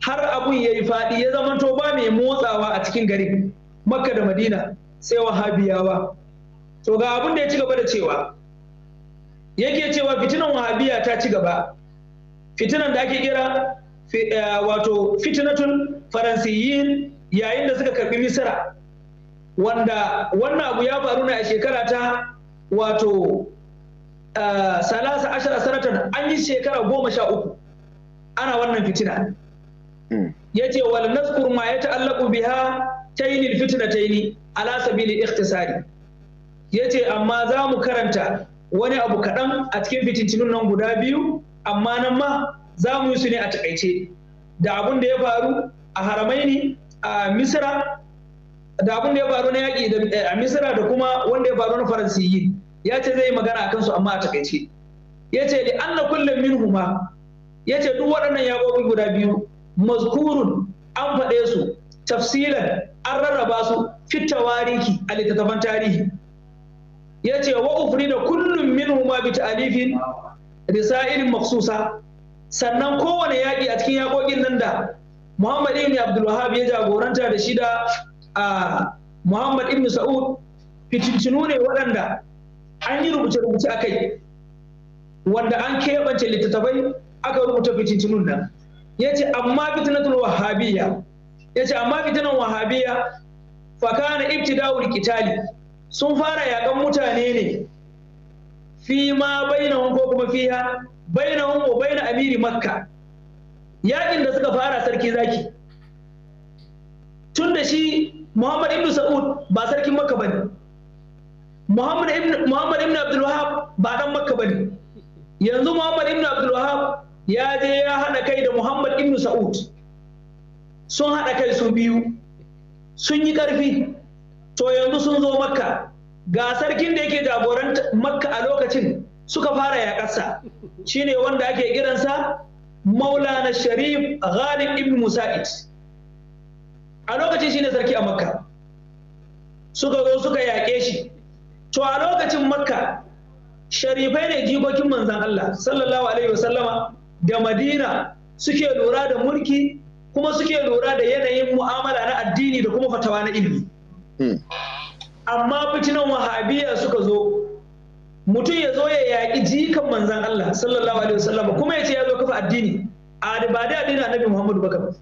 har abun ya yi faɗi ya zama to ba mai motsawa a cikin gari makka da madina sai wahabiyawa to ga abun da ya ci gaba da cewa yake cewa fitinan wahabiya ta ci gaba fitinan da ake kira eh, wato fitinatun faransiyin yayin da suka karbi misira wanda wannan abu ya faru ne a shekara ta wato salasa ashara sanatan an yi shekara goma sha uku ana wannan fitina hmm. ya ce wal nazkur ma ya ta'allaku biha taini fitina taini ala sabili ikhtisari ya ce amma za mu karanta wani abu kaɗan a cikin fitintinun nan guda biyu amma nan ma za mu yi su ne a takaice da abun da ya faru a haramaini a misira da abun da ya faru na yaƙi eh, a misira da kuma wanda ya faru na faransiyi ya ce zai magana a kansu amma a takaice ya ce li anna kullum minhuma ya ce duk waɗannan yaƙoƙi guda biyu mazkurun an faɗe su tafsilan an rarraba su fit tawariki a littattafan tarihi ya ce wa ufri da kullum minhuma bi ta'alifin risailin maksusa sannan kowane yaƙi a cikin yaƙoƙin nan da Muhammad ibn Abdul wahab ya jagoranta da shida a ah, Muhammad ibn Sa'ud fitintinu ne waɗanda an yi rubuce-rubuce a kai wanda an keɓance littattafai aka rubuta fitintunun nan ya ce amma fitinatun wahabiyya ya ce amma fitinan wahabiyya fakana ibtida'ul kitali sun fara yakan mutane ne fi ma bainahum ko kuma fiha bainahum wa bain amiri makka Yaƙin da suka fara sarki zaki tun da shi muhammad ibnu sa'ud ba sarkin makka bane Muhammad ibn Abdul Wahab ba dan Makka bane yanzu Muhammad ibn Abdul Wahab ya je ya hada kai da Muhammad ibn Saud sun hada kai su biyu sun yi karfi to yanzu sun zo Makka ga sarkin da yake jagoran Makka a lokacin suka fara yakarsa shine wanda ake kiransa Maulana Sharif Ghalib ibn Musa'id a lokacin shine sarki a Makka suka zo suka yaƙe shi to a lokacin makka sharifai ne jikokin manzan Allah sallallahu alaihi wasallama da madina suke lura da mulki kuma suke lura da yanayin mu'amala na addini da kuma fatawa na ilimi hmm. amma fitinan wahabiya suka zo mutum ya zo ya yaƙi jikan manzan Allah sallallahu alaihi wasallama kuma ya ce ya zo kafa addini a ba da addini annabi Muhammadu baka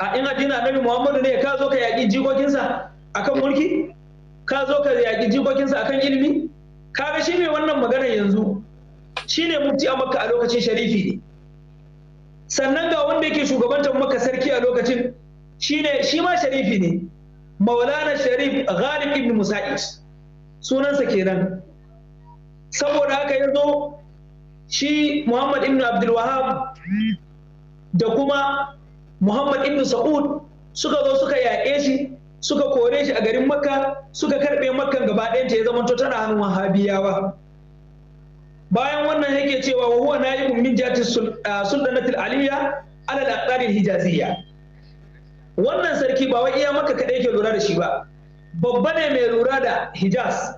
a in addini annabi Muhammadu ne ka zo ka yaƙi jikokinsa akan mulki ka zo ka yaƙi jikokinsa a kan ilimi kaga shi mai wannan magana yanzu shi ne mufti a makka a lokacin sharifi ne sannan ga wanda yake shugabantar maka sarki a lokacin shi ne, shi ma sharifi ne maulana sharif ghalib ibn musa'id sunansa kenan saboda haka ya zo shi muhammad ibn abdul wahab da kuma muhammad ibn sa'ud suka zo suka yaƙe shi suka kore shi a garin makka suka karbe makkan gaba ɗayanta ya zamanto tana hannun wahabiyawa bayan wannan yake cewa wa huwa na'ibun min jati sultanatul aliyya ala al-aqdar hijaziyya wannan sarki ba wai iya maka kadai yake lura da shi ba babba ne mai lura da hijaz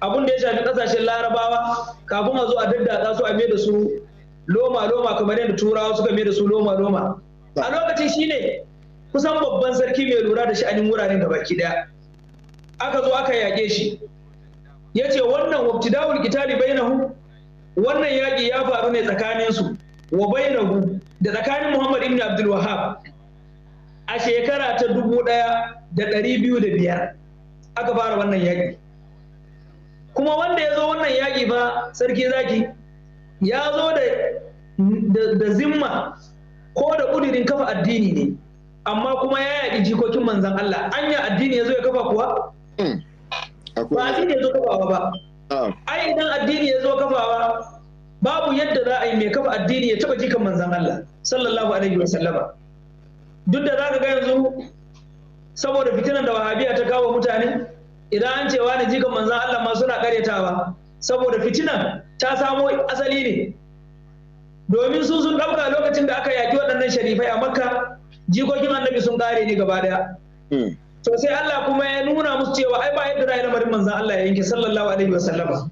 abun da ya shafi kasashen larabawa kafin a zo a daddatsa su a mai da su loma loma kamar yadda turawa suka mai da su loma loma a lokacin shine kusan babban sarki mai lura da sha'anin wuraren da baki daya aka zo aka yaƙe shi ya ce wannan wabtidawul bai nahu? wannan yaƙi ya faru ne tsakanin su wa bainahu da tsakanin Muhammad ibn Abdul wahab a shekara ta dubu ɗaya da ɗari biyu da biyar aka fara wannan yaƙi kuma wanda ya zo wannan yaƙi ba sarki zaki ya zo da zimma ko da ƙudurin kafa addini ne amma kuma ya yaƙi jikokin manzan Allah anya addini ya zo ya kafa kuwa hmm. ba addini ya zo kafawa ba ah. ai idan addini ya zo kafawa babu yadda za a yi mai kafa addini ya taɓa jikan manzan Allah sallallahu alaihi wa sallama duk da za ka ga yanzu saboda fitinan da wahabiya ta kawo mutane idan an cewa ne jikan manzan Allah ma suna karyatawa saboda fitinan ta samo asali ne domin su sun ɗauka lokacin da aka yaƙi waɗannan sharifai a makka jikokin annabi sun kare ne gaba daya hmm. to sai Allah kuma ya nuna musu cewa ai ba yadda rai lamarin manzon Allah ya yanke sallallahu alaihi wasallama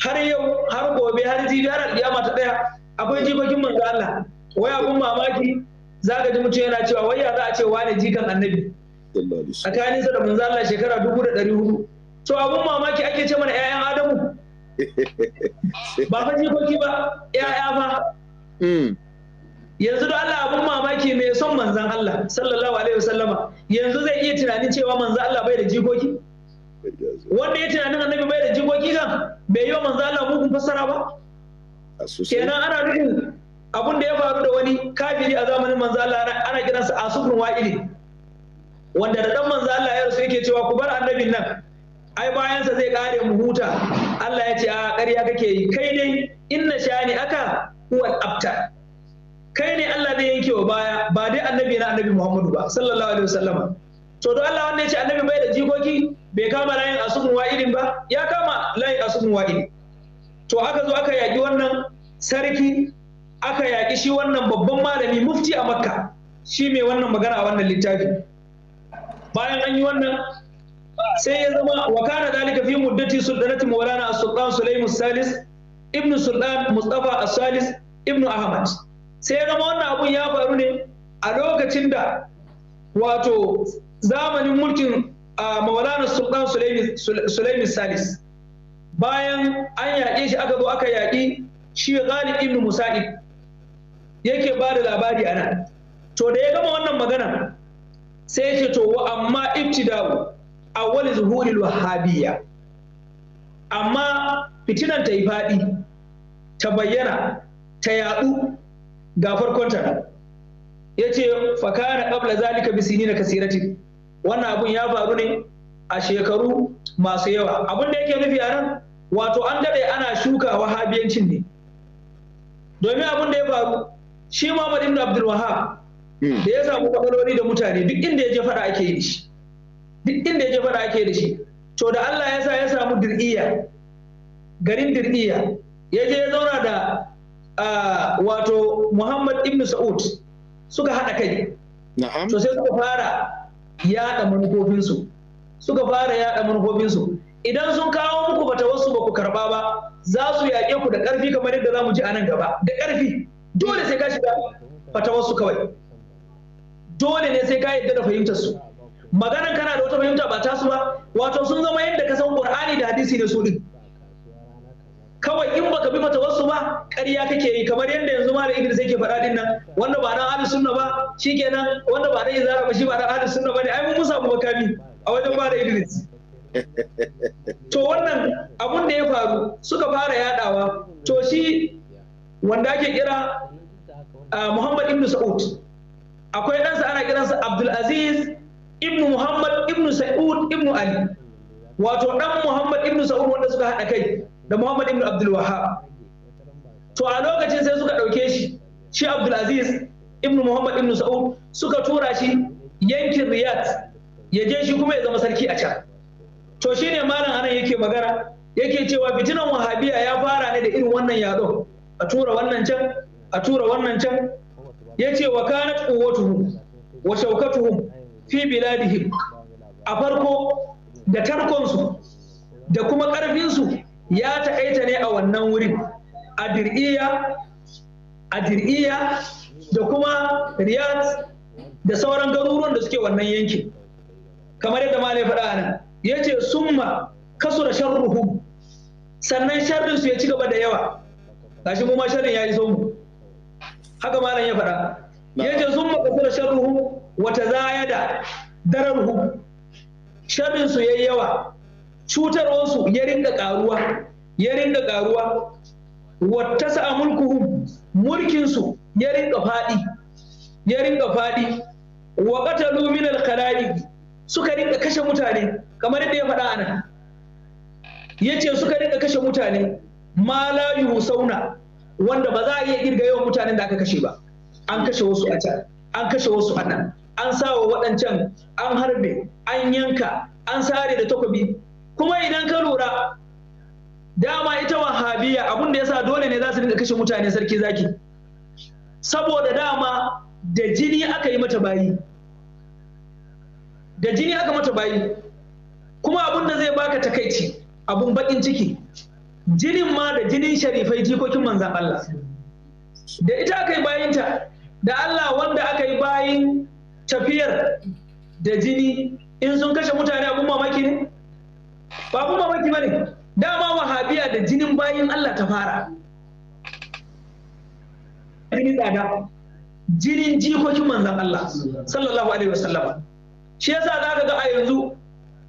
har yau har gobe har jibi har alƙiyama ta daya akwai jikokin manzon Allah wai abun mamaki za ka ji mutum yana cewa wai ya za a ce wane jikan annabi A tsakaninsa da manzon Allah shekara dubu da ɗari hudu to abun mamaki ake ce mana 'ya'yan adamu ba fa jikoki ba 'ya'ya ba yanzu da Allah abun mamaki mai son manzan Allah sallallahu alaihi wasallama yanzu zai iya tunanin cewa manzan Allah bai da jikoki wanda ya tunanin annabi bai da jikoki kan bai yi wa manzan Allah mugun fassara ba kenan ana nufin abun da ya faru da wani kafiri a zamanin manzan Allah ana kiransa sufin wa'ili wanda da dan manzan Allah ya rasu yake cewa ku bar annabin nan ai bayansa zai kare mu huta Allah ya ce a ƙarya kake yi kai dai inna shani aka huwal abtar kai ne Allah zai yanke wa baya ba dai annabi na annabi Muhammadu ba sallallahu alaihi wasallama to don Allah wanda ya ce annabi bai da jikoki bai kama layin asubun wa'idin ba ya kama layin asubun wa'idi to aka zo aka yaƙi wannan sarki aka yaƙi shi wannan babban malami mufti a makka shi mai wannan magana a wannan littafi bayan an yi wannan sai ya zama wa kana dalika fi muddati sultanati maulana as-sultan sulaimus salis ibnu sultan mustafa as-salis ibnu ahmad sai gama wannan abun ya faru ne a lokacin da wato zamanin mulkin a maulana sultan sulaimi salis bayan an yaƙe shi aka zo aka yaƙi shi ghalib ibn musa'id yake ba da labari a nan to da ya gama wannan magana sai ce to wa amma ibtida'u awwal zuhuril wahabiyya amma fitinan ta yi faɗi ta bayyana ta yaɗu ga farkon ta ya ce kana qabla zalika bi na kasiratin wannan abun ya faru ne a shekaru masu yawa abun da yake nufi a nan wato an dade ana shuka wahabiyancin ne domin abun da ya faru shi Muhammad ibn Abdul Wahhab hmm. da ya samu matsaloli da mutane duk inda ya je fada ake yi da shi duk inda ya je fada ake shi to da Allah ya sa ya samu dir'iya garin dir'iya ya je ya zauna da Ah, wato Muhammad ibn Sa'ud suka haɗa kai. So sai suka fara yaɗa manufofinsu. Suka fara yaɗa manufofinsu. Idan sun kawo muku bata wasu ba ku karɓa ba, za su yaƙe ku da ƙarfi kamar yadda za mu ji a nan gaba. Da ƙarfi. Dole sai ka shiga bata wasu kawai. Dole ne sai ka yadda da fahimtar su. Maganan kana da wata fahimta ba tasu ba, wato sun zama yadda ka san Qur'ani da hadisi ne su din. kawai in baka bi mata wasu ba ƙarya kake yi kamar yadda yanzu malam Idris yake faɗa din nan wanda ba dan ahlus sunna ba shikenan wanda ba dan izara ba shi ba dan ahlus sunna bane ai mun musa mu makami a wajen da Idris to wannan abun da ya faru suka fara yadawa to shi wanda ake kira Muhammad ibn Saud akwai ɗansa ana kiransa Abdul Aziz ibn Muhammad ibn Saud ibn Ali wato dan Muhammad ibn Saud wanda suka haɗa kai da Muhammad ibn Abdul Wahab to a lokacin sai suka ɗauke shi shi Abdul Aziz ibn Muhammad ibn Sa'ud suka tura shi yankin Riyadh ya je shi kuma ya zama sarki a can to shine malam anan yake magana yake cewa fitinan wahabiya ya fara ne da irin wannan yado a tura wannan can a tura wannan can ce wa kanat quwwatuhum wa shaukatuhum fi biladihim a farko da tarkonsu da kuma ƙarfinsu ya taƙaita ne a wannan wurin a dir'iya a dir'iya da kuma riyad da sauran garuruwan da suke wannan yankin kamar yadda malai faɗa nan ya ce summa kasu da ruhu sannan sharrinsu ya ci gaba da yawa Ga shi kuma sharrin ya iso mu haka malam ya faɗa ya ce summa kasu da ruhu wata zayada dararhum sharrinsu ya yi yawa cutarwarsu ya ringa karuwa ya ringa karuwa wata sa'a mulkuhum mulkinsu ya ringa faɗi ya ringa faɗi wa qatalu min al suka ringa kashe mutane kamar yadda ya faɗa anan yace suka ringa kashe mutane ma la yusauna wanda ba za a iya girga yawan mutanen da aka kashe ba an kashe wasu a can an kashe wasu a nan an sawa waɗancan an harbe an yanka an sare da takobi kuma idan ka lura dama ita wahabiya abin da yasa dole ne za su dinga kashe mutane sarki zaki saboda dama da jini aka yi mata bayi da jini aka mata bayi kuma abin da zai baka takaici abun bakin ciki jinin ma da jinin sharifai jikokin manzan Allah da ita aka yi bayinta da Allah wanda aka yi bayin tafiyar da jini in sun kashe mutane abun mamaki ne ba kuma baki bane dama wahabiya da jinin bayan Allah ta fara jini tsada jinin jikokin manzan Allah sallallahu alaihi wasallam shi yasa za ka ga a yanzu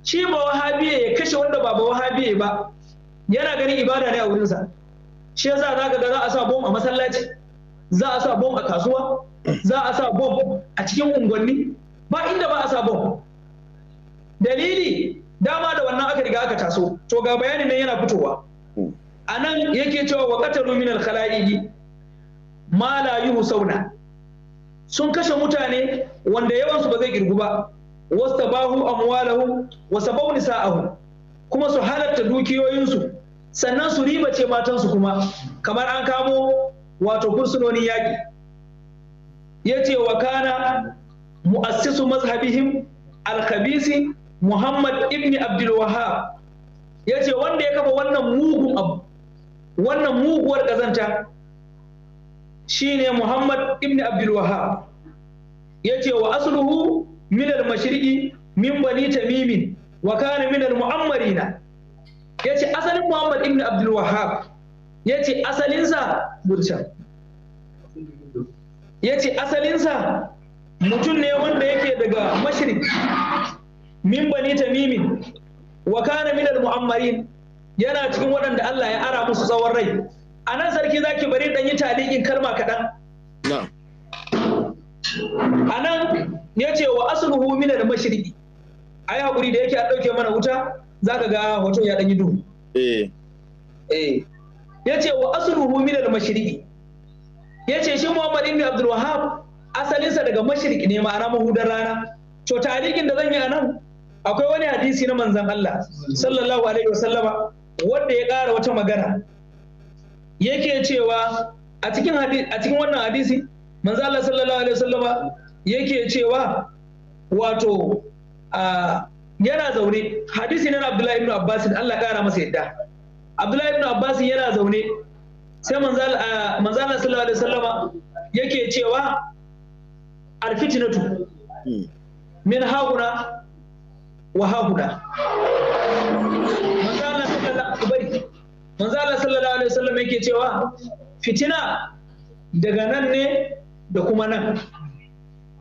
shi ba wahabiya ya kashe wanda ba ba wahabiya ba yana ganin ibada ne a wurinsa shi yasa za ka ga za a sa bom a masallaci za a sa bom a kasuwa za a sa bom a cikin unguwanni ba inda ba a sa bom dalili dama da wannan aka riga aka taso to ga bayanin nan yana fitowa hmm. a nan yake cewa wa qatalu min al khalaiqi ma la yuhsauna sun kashe mutane wanda yawansu ba zai girgu ba wastabahu amwalahum wasabau nisa'ahu kuma su halatta dukiyoyinsu sannan su ribace matansu kuma kamar an kamo wato fursunonin yaƙi yace wa kana mu'assisu mazhabihim khabisi Muhammad ibn Abdul Wahab ya ce wanda ya kafa wannan mugun abu wannan muguwar kazanta shine Muhammad ibn Abdul Wahab ya ce wa asluhu min al-mashriqi min bani tamimin wa kana min al-mu'ammarina ya ce asalin Muhammad ibn Abdul Wahab ya ce asalinsa burcan ya ce asalinsa mutum ne wanda yake daga mashrik min bani tamimin wa kana min al-mu'ammarin yana cikin waɗanda Allah ya ara musu tsawon rai a nan sarki zaki bari dan yi talikin kalma kaɗan a nan ya ce wa asluhu min al-mashriqi ai hakuri da yake a ɗauke mana wuta zaka ga hoton ya dan yi duhu eh eh ya ce wa asluhu min al-mashriqi ya ce shi Muhammad ibn Abdul Wahhab asalinsa daga mashriqi ne ma'ana mahudar rana to talikin da zan yi a nan akwai wani hadisi na manzan Allah sallallahu alaihi wasallama wanda ya ƙara wata magana yake cewa a cikin a cikin wannan hadisi manzan Allah sallallahu alaihi wasallama yake cewa wato yana zaune hadisi na Abdullahi ibn Abbas Allah ƙara masa yadda Abdullahi ibn Abbas yana zaune sai manzan Allah sallallahu alaihi wasallama yake cewa alfitnatu hmm. min hauna wa hauna manzala sallallahu alaihi wasallam yake cewa fitina daga nan ne da kuma nan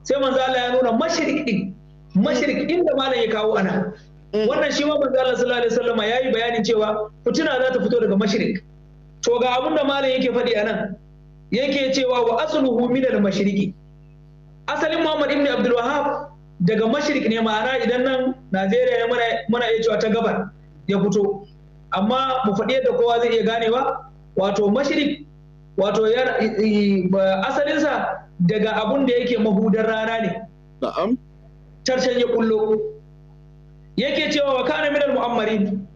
sai manzala ya nuna mashirik din mashirik da malam ya kawo ana wannan shi ma manzala sallallahu alaihi wasallam ya yi bayanin cewa fitina za ta fito daga mashirik to ga abin da malam yake faɗi a nan yake cewa wa asluhu min al mashriqi asalin muhammad ibn abdul wahhab daga mashirik ne ma'ana idan nan najeriya ya mana iya cewa ta gabar ya fito amma mu faɗi yadda kowa zai iya ganewa wato mashirik wato asalinsa daga abun da yake mahudar rana ne na'am tarshen ya kullo yake cewa wa kana minal mu'ammarin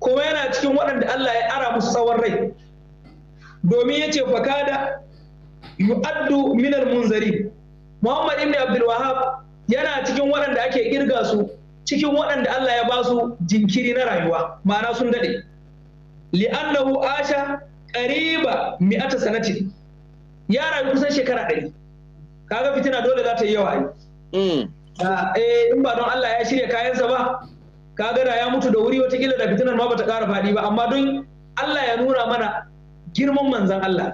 kuma yana cikin waɗanda Allah ya ara musu tsawon rai domin ya ce fakada yu'addu minal munzari Muhammad ibn Abdul Wahab yana cikin waɗanda ake kirga su cikin waɗanda Allah ya ba su jinkiri na rayuwa ma'ana sun daɗe li'annahu asha qariba mi'ata sanatin ya rayu kusan shekara ɗari kaga fitina dole za ta yi yawa hmm. ah, eh, in ba don Allah ya shirya kayansa ba kaga da ya mutu da wuri wataƙila da fitinar ma bata ƙara faɗi ba amma don Allah ya nuna mana girman manzan Allah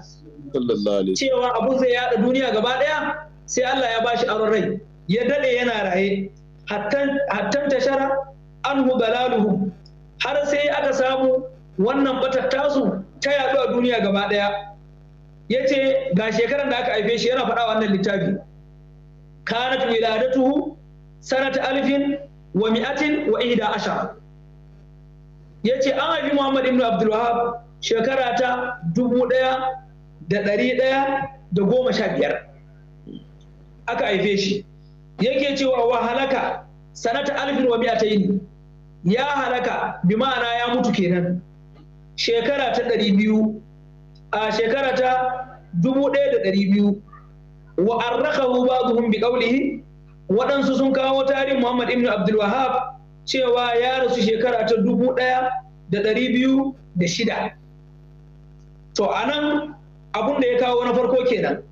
cewa abun zai yaɗa duniya gaba ɗaya sai Allah ya bashi aron rai ya dade yana raye hattan tashara anhu dalaluhum har sai aka samu wannan batattasu ta yaɗu a duniya gaba ɗaya ya ce ga shekarar da aka haife shi yana faɗa wannan littafi kanat wiladatuhu sanat alfin wa mi'atin wa ihda asha. ya ce an haifi muhammad ibn abdul wahab shekara ta dubu ɗaya da ɗari ɗaya da goma sha biyar aka haife shi yake cewa wa halaka sanata alfin wa mi'atayn ya halaka bi ma'ana ya mutu kenan shekara ta ɗari biyu a shekara ta dubu ɗaya da ɗari biyu wa ba ba'dhum bi ƙaulihi waɗansu sun kawo tarihin Muhammad ibn Abdul wahab cewa ya rasu shekara ta dubu ɗaya da ɗari biyu da shida to anan abun da ya kawo na farko kenan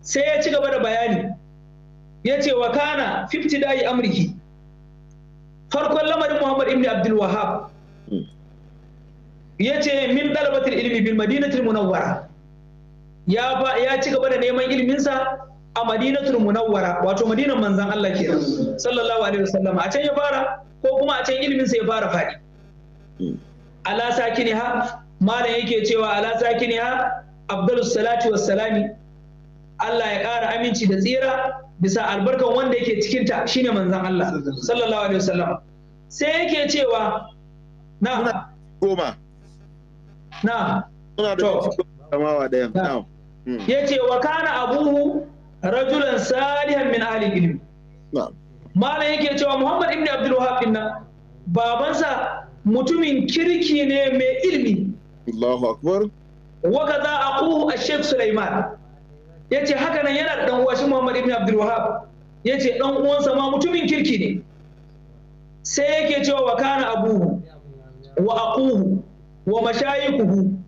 sai ya ci gaba da bayani ya ce wa kana fifti da'i amurki farkon lamarin muhammad ibn abdul wahab hmm. ya ce min dalabatul ilmi bil madinatul munawwara ya ya ci gaba da neman ilminsa a madinatul munawwara wato madinan manzan Allah kenan sallallahu alaihi wasallam a can ya fara ko kuma a can ilminsa ya fara faɗi hmm. ala sakiniha malam yake cewa ala sakiniha abdul salati wassalami Allah ya ƙara aminci da tsira bisa albarkan wanda yake cikinta shine manzan Allah sallallahu alaihi wasallam sai yake cewa na goma na to ya hmm. ce wa kana abuhu rajulan salihan min ahli ilmi malam yake cewa muhammad ibn abdul wahab nan babansa mutumin kirki ne mai ilmi Allahu akbar wa kaza aquhu ash-shaykh sulaiman ya ce haka nan yana dan uwa shi Muhammad ibn Abdul Wahab ya ce dan uwansa ma mutumin kirki ne sai yake cewa wa kana abuhu wa aquhu wa mashayikuhu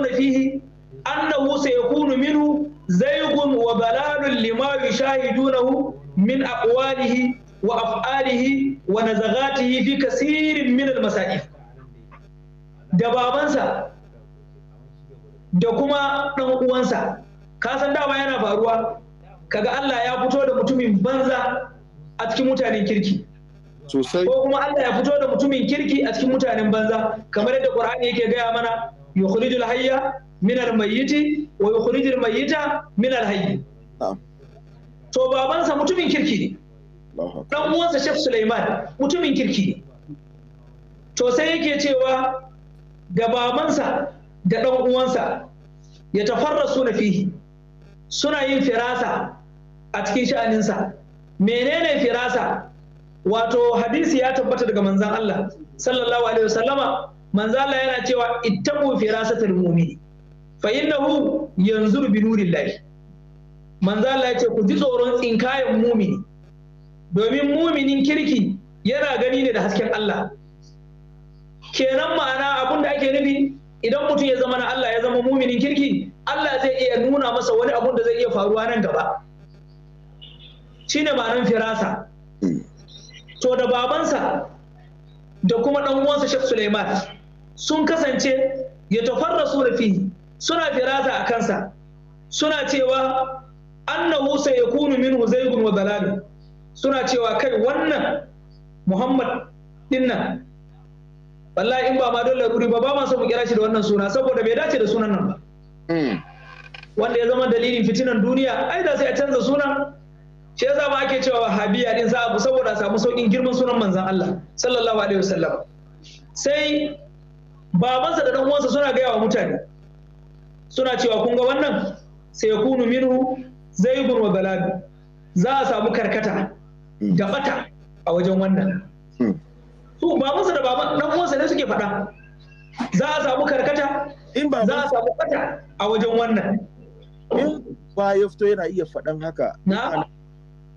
na fihi annahu sayakunu minhu zaygun wa balalun lima yushahidunahu min aqwalihi wa af'alihi wa nazagatihi fi kasirin min al da babansa da kuma ɗan uwansa ka san dama yana faruwa kaga Allah ya fito da mutumin banza a cikin mutanen kirki sosai ko kuma Allah ya fito da mutumin kirki a cikin mutanen banza kamar yadda Qur'ani yake gaya mana yukhrijul hayya min al-mayyiti wa yukhrijul mayyita min al-hayy to babansa mutumin kirki ne dan uwansa Sheikh Sulaiman mutumin kirki ne to sai yake cewa da babansa da dan uwansa ya tafarrasu na fihi suna yin firasa a cikin sha'aninsa menene firasa wato hadisi ya tabbata daga manzan Allah sallallahu alaihi wasallama manzan Allah yana cewa ita ittabu firasatul mu'mini fa innahu yanzuru bi nurillahi manzan Allah ya ce ku ji tsoron tsinkayen mumini domin muminin kirki yana gani ne da hasken Allah kenan ma'ana abin da ake nufi idan mutum ya zama na Allah ya zama muminin kirki Allah zai iya nuna masa wani abun da zai iya faruwa nan gaba shi ne ma'anin firasa to da babansa da kuma ɗan uwansa Sheikh Suleiman sun kasance ya tafarra surafi suna firasa a kansa suna cewa annahu ya kunu min wa dalal suna cewa kai wannan Muhammad dinnan wallahi in ba ma dole laruri ba ba ma so mu kira shi da wannan suna saboda bai dace da sunan nan ba Hmm. wanda ya zama dalilin fitinan duniya ai da sai a canza sunan shi yasa ba ake cewa wahabiya din sa abu saboda a samu saukin girman sunan manzon Allah sallallahu alaihi wasallam sai babansa da dan uwansa suna gaya wa mutane suna cewa kun ga wannan sai kunu minhu zaibun wa balad za a samu karkata hmm. da bata a wajen wannan hmm. su babansa da baban dan uwansa ne suke faɗa za a samu karkata in ba za a samu kwata a wajen wannan in ba ya fito yana iya faɗan haka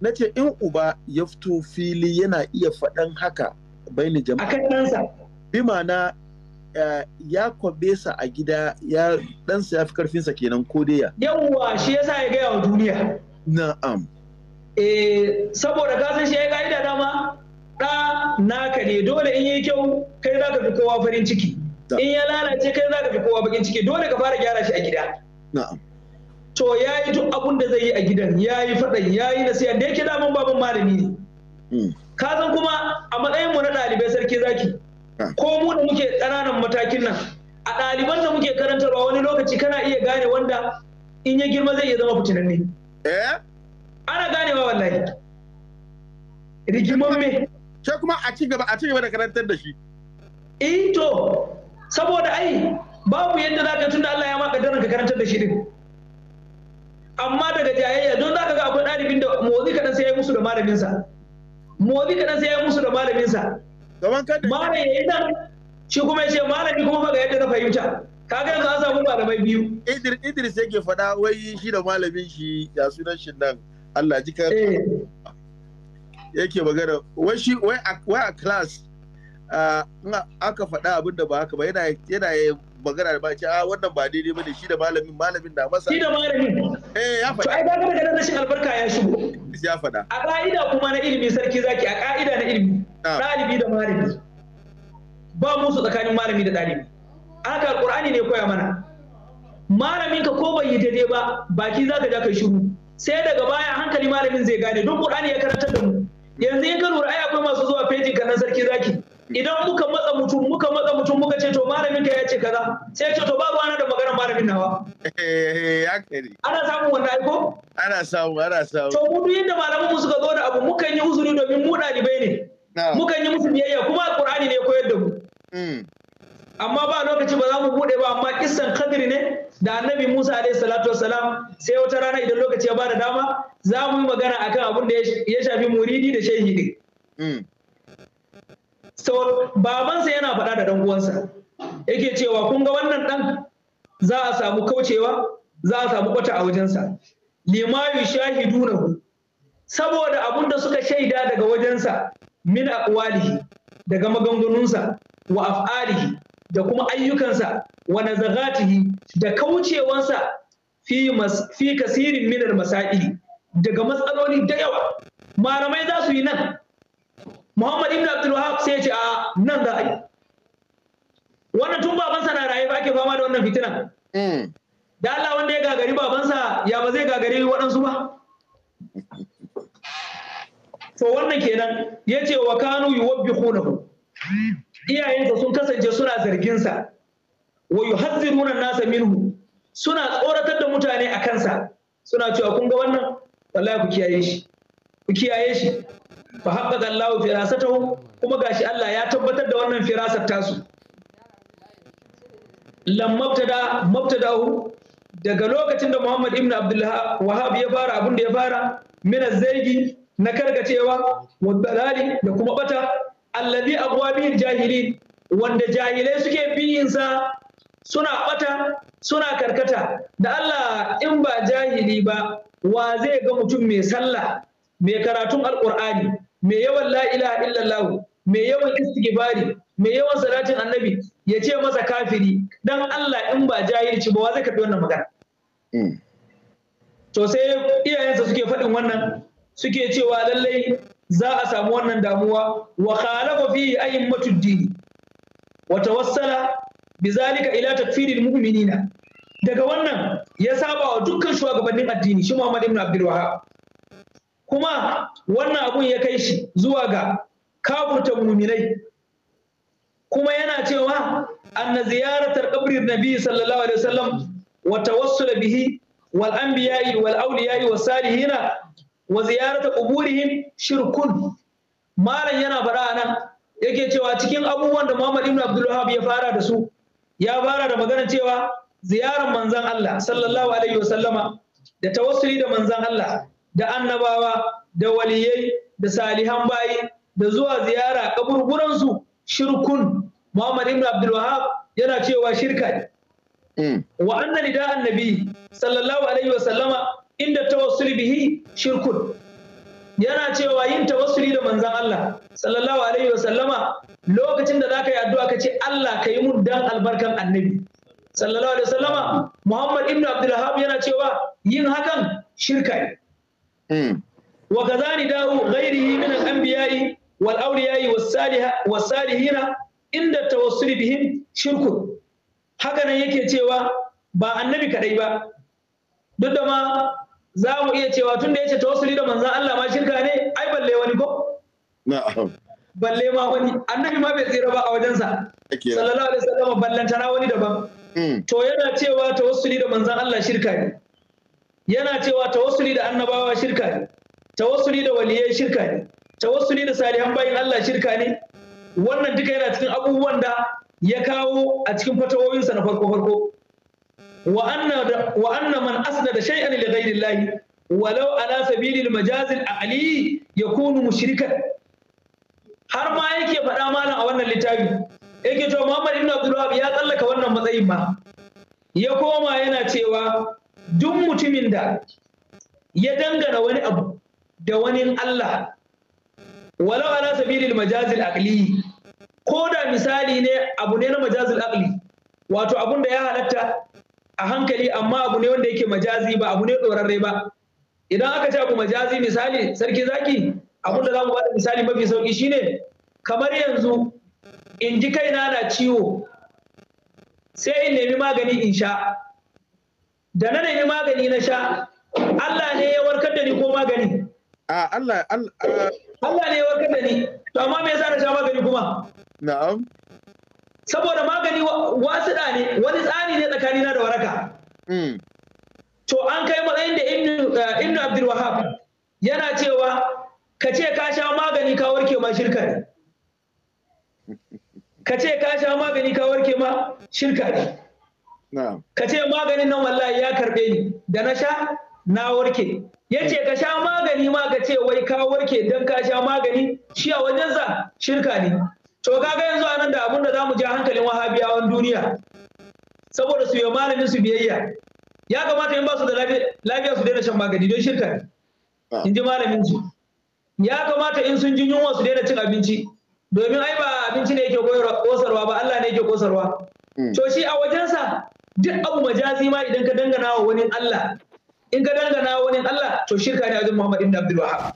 na ce in uba ya fito fili yana iya faɗan haka bai ni jama'a akan ɗansa bi ma'ana eh, ya kwabe sa a gida ya ɗansa ya fi ƙarfinsa kenan ko dai ya yawwa shi yasa ya gaya wa duniya na'am eh saboda ka san shi ya ka'ida dama ɗa naka ne dole in yi kyau kai za ka fi kowa farin ciki in ya lalace kai za ka fi kowa bakin ciki dole ka fara gyara shi a gida to ya yi duk abun da zai yi a gidan ya yi faɗan ya yi nasiya da yake daman babun malami ne hmm. ka san kuma a matsayin mu na ɗalibai sarki zaki ah. ko mu da muke ƙananan matakin nan a ɗaliban da muke karantarwa wani lokaci kana iya gane wanda in ya girma zai iya zama fitinanne eh ana ganewa wallahi rigiman sai kuma a ci gaba a ci gaba da karantar da shi eh to saboda ai babu yadda za ka tunda Allah ya maka daren ka karantar da shi din amma daga jayayya don za ka ga akwai ɗalibin da motsi kaɗan sai ya musu da malaminsa motsi kaɗan sai ya musu da malaminsa malam ya yi nan shi kuma ya ce malami kuma ga yadda na fahimta kaga yanzu an samu malamai biyu idris idris yake faɗa wai shi da malamin shi ya sunan shi nan Allah ji ka eh. yake magana wai shi wai a class aka faɗa abin da ba haka ba yana yana magana da baci a ah, wannan ba daidai bane shi da malamin malamin da masa shi da malamin eh ya faɗa to ai ga magana da rashin albarka ya shigo ya faɗa a ka'ida kuma na ilimi sarki zaki a ka'ida na ilimi ɗalibi da malami ba mu su tsakanin malami da ɗalibi haka alqur'ani ne koya mana malamin ka ko bai yi daidai ba baki zaka ja kai shiru sai daga baya hankali malamin zai gane duk qur'ani ya karantar da mu yanzu in ka lura ai akwai masu zuwa fejin kan sarki zaki idan muka matsa mutum muka matsa mutum muka ce to malamin ka ya ce kaza sai ce to ba ana da magana malamin nawa eh, ana samun wannan aiko ana samu ana samu to mu duk inda malaman mu suka zo da abu muka yi uzuri domin mu ɗalibai ne mukan yi musu biyayya kuma alqur'ani ne koyar da mu hmm. amma ba lokaci ba za mu bude ba amma kissan kadiri ne da annabi Musa alaihi salatu wassalam sai wata rana idan lokaci ya bada dama za mu yi magana akan abin da ya shafi muridi da shehi ne hmm. so babansa yana faɗa da ɗan uwansa yake cewa kun ga wannan ɗan za a samu kaucewa za a samu kwata a wajensa shahidu ku. saboda abun da suka shaida daga wajensa min aqwalihi daga maganganunsa wa af'alihi da kuma ayyukansa wa Nazaratihi, da kaucewansa fi mas fi kasirin minar masa'ili daga matsaloli da yawa malamai za su yi nan Muhammad ibn Abdul Wahab sai ya ce a nan za a yi wannan tun babansa na raye ba ke fama da wannan fitina hmm. da Allah wanda ya gagari babansa ya ba zai gagari waɗansu ba to wannan kenan ya ce wa kanu ku. iyayensa sun kasance suna zarginsa wa nunan nasa minhu suna tsoratar da mutane a kansa suna cewa kun ga wannan wallahi ku kiyaye shi ku kiyaye shi fa haqqaqa Allahu firasatahu kuma gashi Allah ya tabbatar da wannan firasar tasu lam mabtada mabtadahu daga lokacin da Muhammad ibn Abdullah Wahab ya fara abin da ya fara min zaigi na karkacewa wadalali da kuma bata allazi abwabil jahilin wanda jahilai suke biyinsa suna bata suna karkata da Allah in ba jahili ba wa zai ga mutum mai sallah mai karatun alkur'ani mai yawan la’ila ilaha illallah mai yawan istighfari mai yawan salatin annabi ya ce masa kafiri dan Allah in ba jahilci ba wa zai karbi wannan magana mm. to sai iyayensa suke faɗin wannan suke cewa lallai za a samu wannan damuwa wa khalafa fi a'immatu matuddini, wa tawassala bizalika ila takfiril mu'minina daga wannan ya saba wa dukkan shugabannin addini shi Muhammad ibn Abdul kuma wannan abun ya kai shi zuwa ga kaburta muminai kuma yana cewa anna ziyaratar qabrin nabi sallallahu alaihi wasallam wa tawassul bihi wal anbiya'i wal awliya'i was salihina wa ziyarata quburihim shirkun malam yana fara nan yake cewa cikin abubuwan da Muhammad ibn Abdul Wahhab ya fara da su ya fara da magana cewa ziyarar manzon Allah sallallahu alaihi wasallama da tawassuli da manzon Allah da annabawa da waliyai da salihan bayi da zuwa ziyara kaburburansu shirkun Muhammad ibn Abdul Wahab yana cewa shirka ne. Mm. Wa anna nida annabi sallallahu alaihi wa sallama inda tawassuli bihi shirkun. Yana cewa yin tawassuli da manzan Allah sallallahu alaihi wa sallama lokacin da zaka yi addu'a ka ce Allah ka yi mun dan albarkan annabi. Sallallahu alaihi wa sallama Muhammad ibn Abdul Wahab yana cewa yin hakan shirka ne. Hmm. wa kaza ni dawo ghairihi min al-anbiya'i wal awliya'i was salihina inda tawassul bihim shirku haka nan yake cewa ba annabi kadai ba duk da ma za mu iya cewa tun da yace tawassuli da manzon Allah ma shirka ne ai balle wani ko na'am balle ma wani annabi ma bai tsira ba a wajensa sallallahu alaihi wasallam ballantana wani daban hmm. to yana cewa tawassuli da manzon Allah shirka ne yana cewa tawassuli da annabawa shirka ne tawassuli da waliyai shirka ne tawassuli da salihan bayin Allah shirka ne wannan duka yana cikin abubuwan da ya kawo a cikin fatawoyinsa na farko farko wa anna man da shay'an li ghayrillahi walau ala sabilil majazil ali yakunu mushrikan har ma yake faɗa malam a wannan littafi yake cewa Muhammad ibn Abdullah ya tsallaka wannan matsayin ba ya koma yana cewa duk mutumin da ya dangana wani abu da wani Allah walau ala sabilil majazil aqli ko da misali ne abu ne na majazil aqli wato abun da ya halatta a hankali amma abu ne wanda yake majazi ba abu ne dorarre ba idan aka ce abu majazi misali sarki zaki abun da zamu bada misali mafi sauki shine kamar yanzu in ji kaina na ciwo sai in nemi magani in sha da na nemi magani na sha Allah ne ya warkar da ni ko magani a Allah Allah ne ya warkar da ni to amma me yasa na sha magani kuma na'am saboda magani wasu da ne wani tsani ne tsakanina da waraka hmm. to an kai matsayin da ibnu eh, abdul wahab yana cewa ka ce ka sha magani ka warke ma shirka ne ka ce ka sha magani ka warke ma shirka ne ka ce maganin nan wallahi ya karbe ni da na sha na warke ya ce ka sha magani ma ka ce wai ka warke don ka sha magani shi a wajensa shirka ne to kaga yanzu anan da abunda da za mu ja hankalin wahabiyawan duniya saboda su yi malamin su biyayya ya kamata in ba su da lafiya su daina shan magani don shirka ne in ji malamin su ya kamata in sun ji yunwa su daina cin abinci domin ai ba abinci ne yake kosarwa ba Allah ne yake kosarwa hmm. to shi a wajensa duk abu majazi ma idan ka dangana wa wani Allah in ka dangana wa wani Allah to shirka ne a wajen Muhammad ibn Abdul Wahhab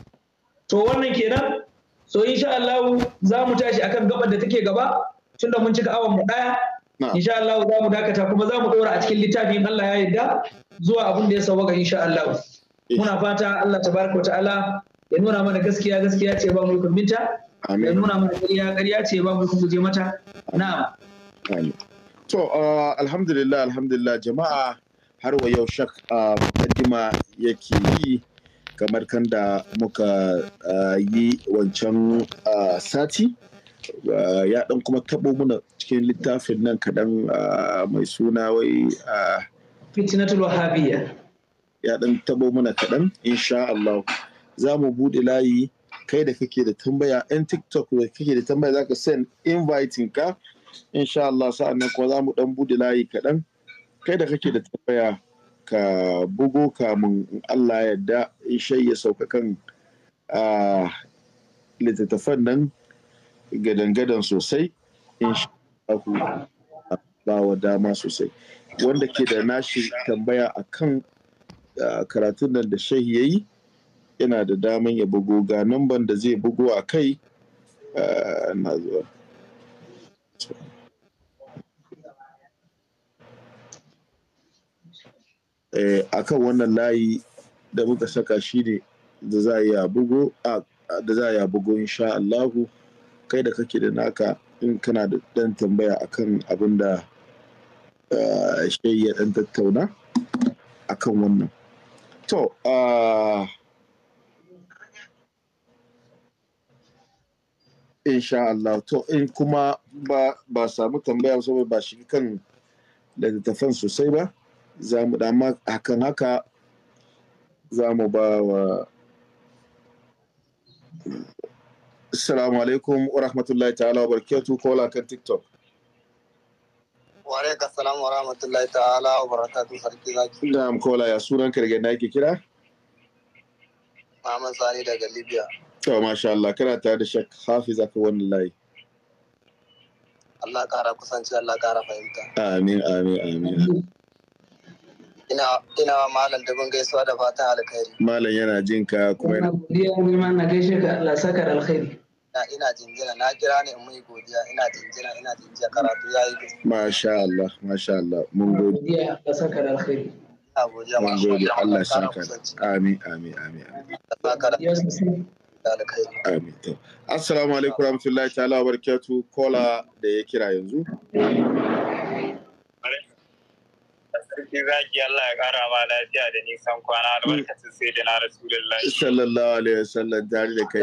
to wannan kenan so insha Allah za mu tashi akan gabar da take gaba tunda mun cika awan mu daya insha Allah za mu dakata kuma za mu dora a cikin littafin Allah ya yarda zuwa abin da ya sauwaka insha Allah eh. muna fata Allah tabaraka ta'ala ya nuna mana gaskiya gaskiya ce ba mu kuminta ya nuna mana ƙarya ƙarya ce ba mu kuje mata na'am amin To, uh, alhamdulillah, alhamdulillah jama'a har wa yau shak mukaddima uh, yake yi kamar kan da muka uh, yi wancan sati. ya ɗan kuma taɓo muna cikin littafin nan kaɗan mai suna wai fitinatul wahabiyya ya ɗan taɓo muna kaɗan insha Allah za mu buɗe layi kai da kake da tambaya 'yan tiktok da kake da tambaya za ka send inviting ka insha Allah sa'an nan kuma za mu dan bude layi kaɗan kai da kake da tambaya ka bugo kamun mun Allah yadda shai ya sauka kan littattafan nan gadan-gadan sosai insha Allah ba wa dama sosai wanda ke da nashi tambaya akan karatun nan da shehi ya yi yana da daman ya bugo ga namban da zai bugo a kai na zuwa Eh, a wannan layi da muka saka shi ne da za a yi bugo da za insha Allahu kai da kake da naka in kana da dan tambaya akan abin da eh, shi ya dan tattauna akan wannan to ah, insha Allah to in kuma ba samu tambaya saboda ba shi kan littattafan sosai ba za mu dama hakan haka za mu ba wa Assalamu alaikum wa rahmatullahi ta'ala wa barakatuh kola kan TikTok. Ware ka salamu wa rahmatullahi ta'ala wa barakatuh sarki zaki. Na'am kola ya sunan kirgin da yake kira? Muhammad Sani daga Libya. To masha Allah kana tare da Sheikh Hafiz aka wannan layi. Allah ƙara kusanci Allah ƙara fahimta. Amin amin amin. Ina ina wa malam dubin gaisuwa da fatan alkhairi. Malam yana jin ka kuma Ina Godiya ni ma na gaishe ka Allah saka da alkhairi. Na ina jinjina na kira ne in mai godiya ina jinjina ina jinjina karatu yayi. Masha Allah masha Allah mun gode. Godiya Allah saka da alkhairi. Mun gode Allah saka. Amin amin amin. da alkhairi amin assalamu alaikum warahmatullahi ta'ala wa barakatuh kola da ya kira yanzu sarki zaki Allah ya kara ma lafiya da nisan kwana mm. albarkacin sai da na rasulullahi sallallahu alaihi wasallam tare da kai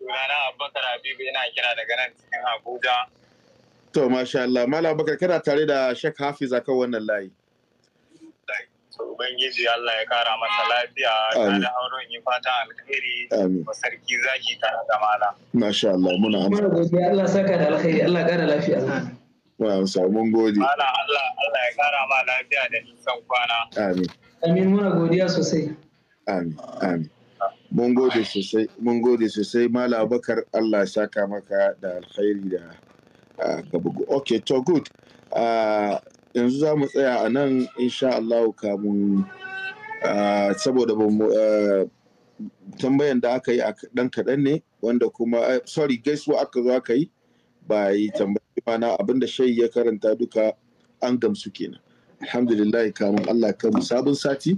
sunana Abubakar Habibu yana kira daga nan cikin Abuja to masha Allah Malam Abubakar kana tare da Sheikh Hafiz akan wannan layi Ubangiji Allah ya kara masa lafiya da auren yi fatan alkhairi wa sarki zaki tare da mala. Masha Allah muna amsa. Muna godiya Allah saka da alkhairi Allah kara lafiya. Wa amsa mun gode. Mala Allah Allah ya kara ma lafiya da nisan kwana. Amin. Amin muna godiya sosai. Amin amin. Mun gode sosai, mun gode sosai Mala Abubakar Allah ya saka maka da alkhairi da gabugu. Ah, ok Okay, to good. Ah, yanzu za mu tsaya a nan insha Allah kamun saboda tambayan da aka yi a ɗan kaɗan ne wanda kuma sorry gaisuwa aka zo aka yi ba yi tambayi mana abinda shayi ya karanta duka an gamsu kenan alhamdulillah kamun Allah kan sabon sati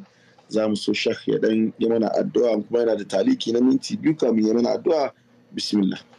za mu so shak ya ɗan yi mana addu'a kuma yana da taliki na minti biyu kamun yana mana addu'a bismillah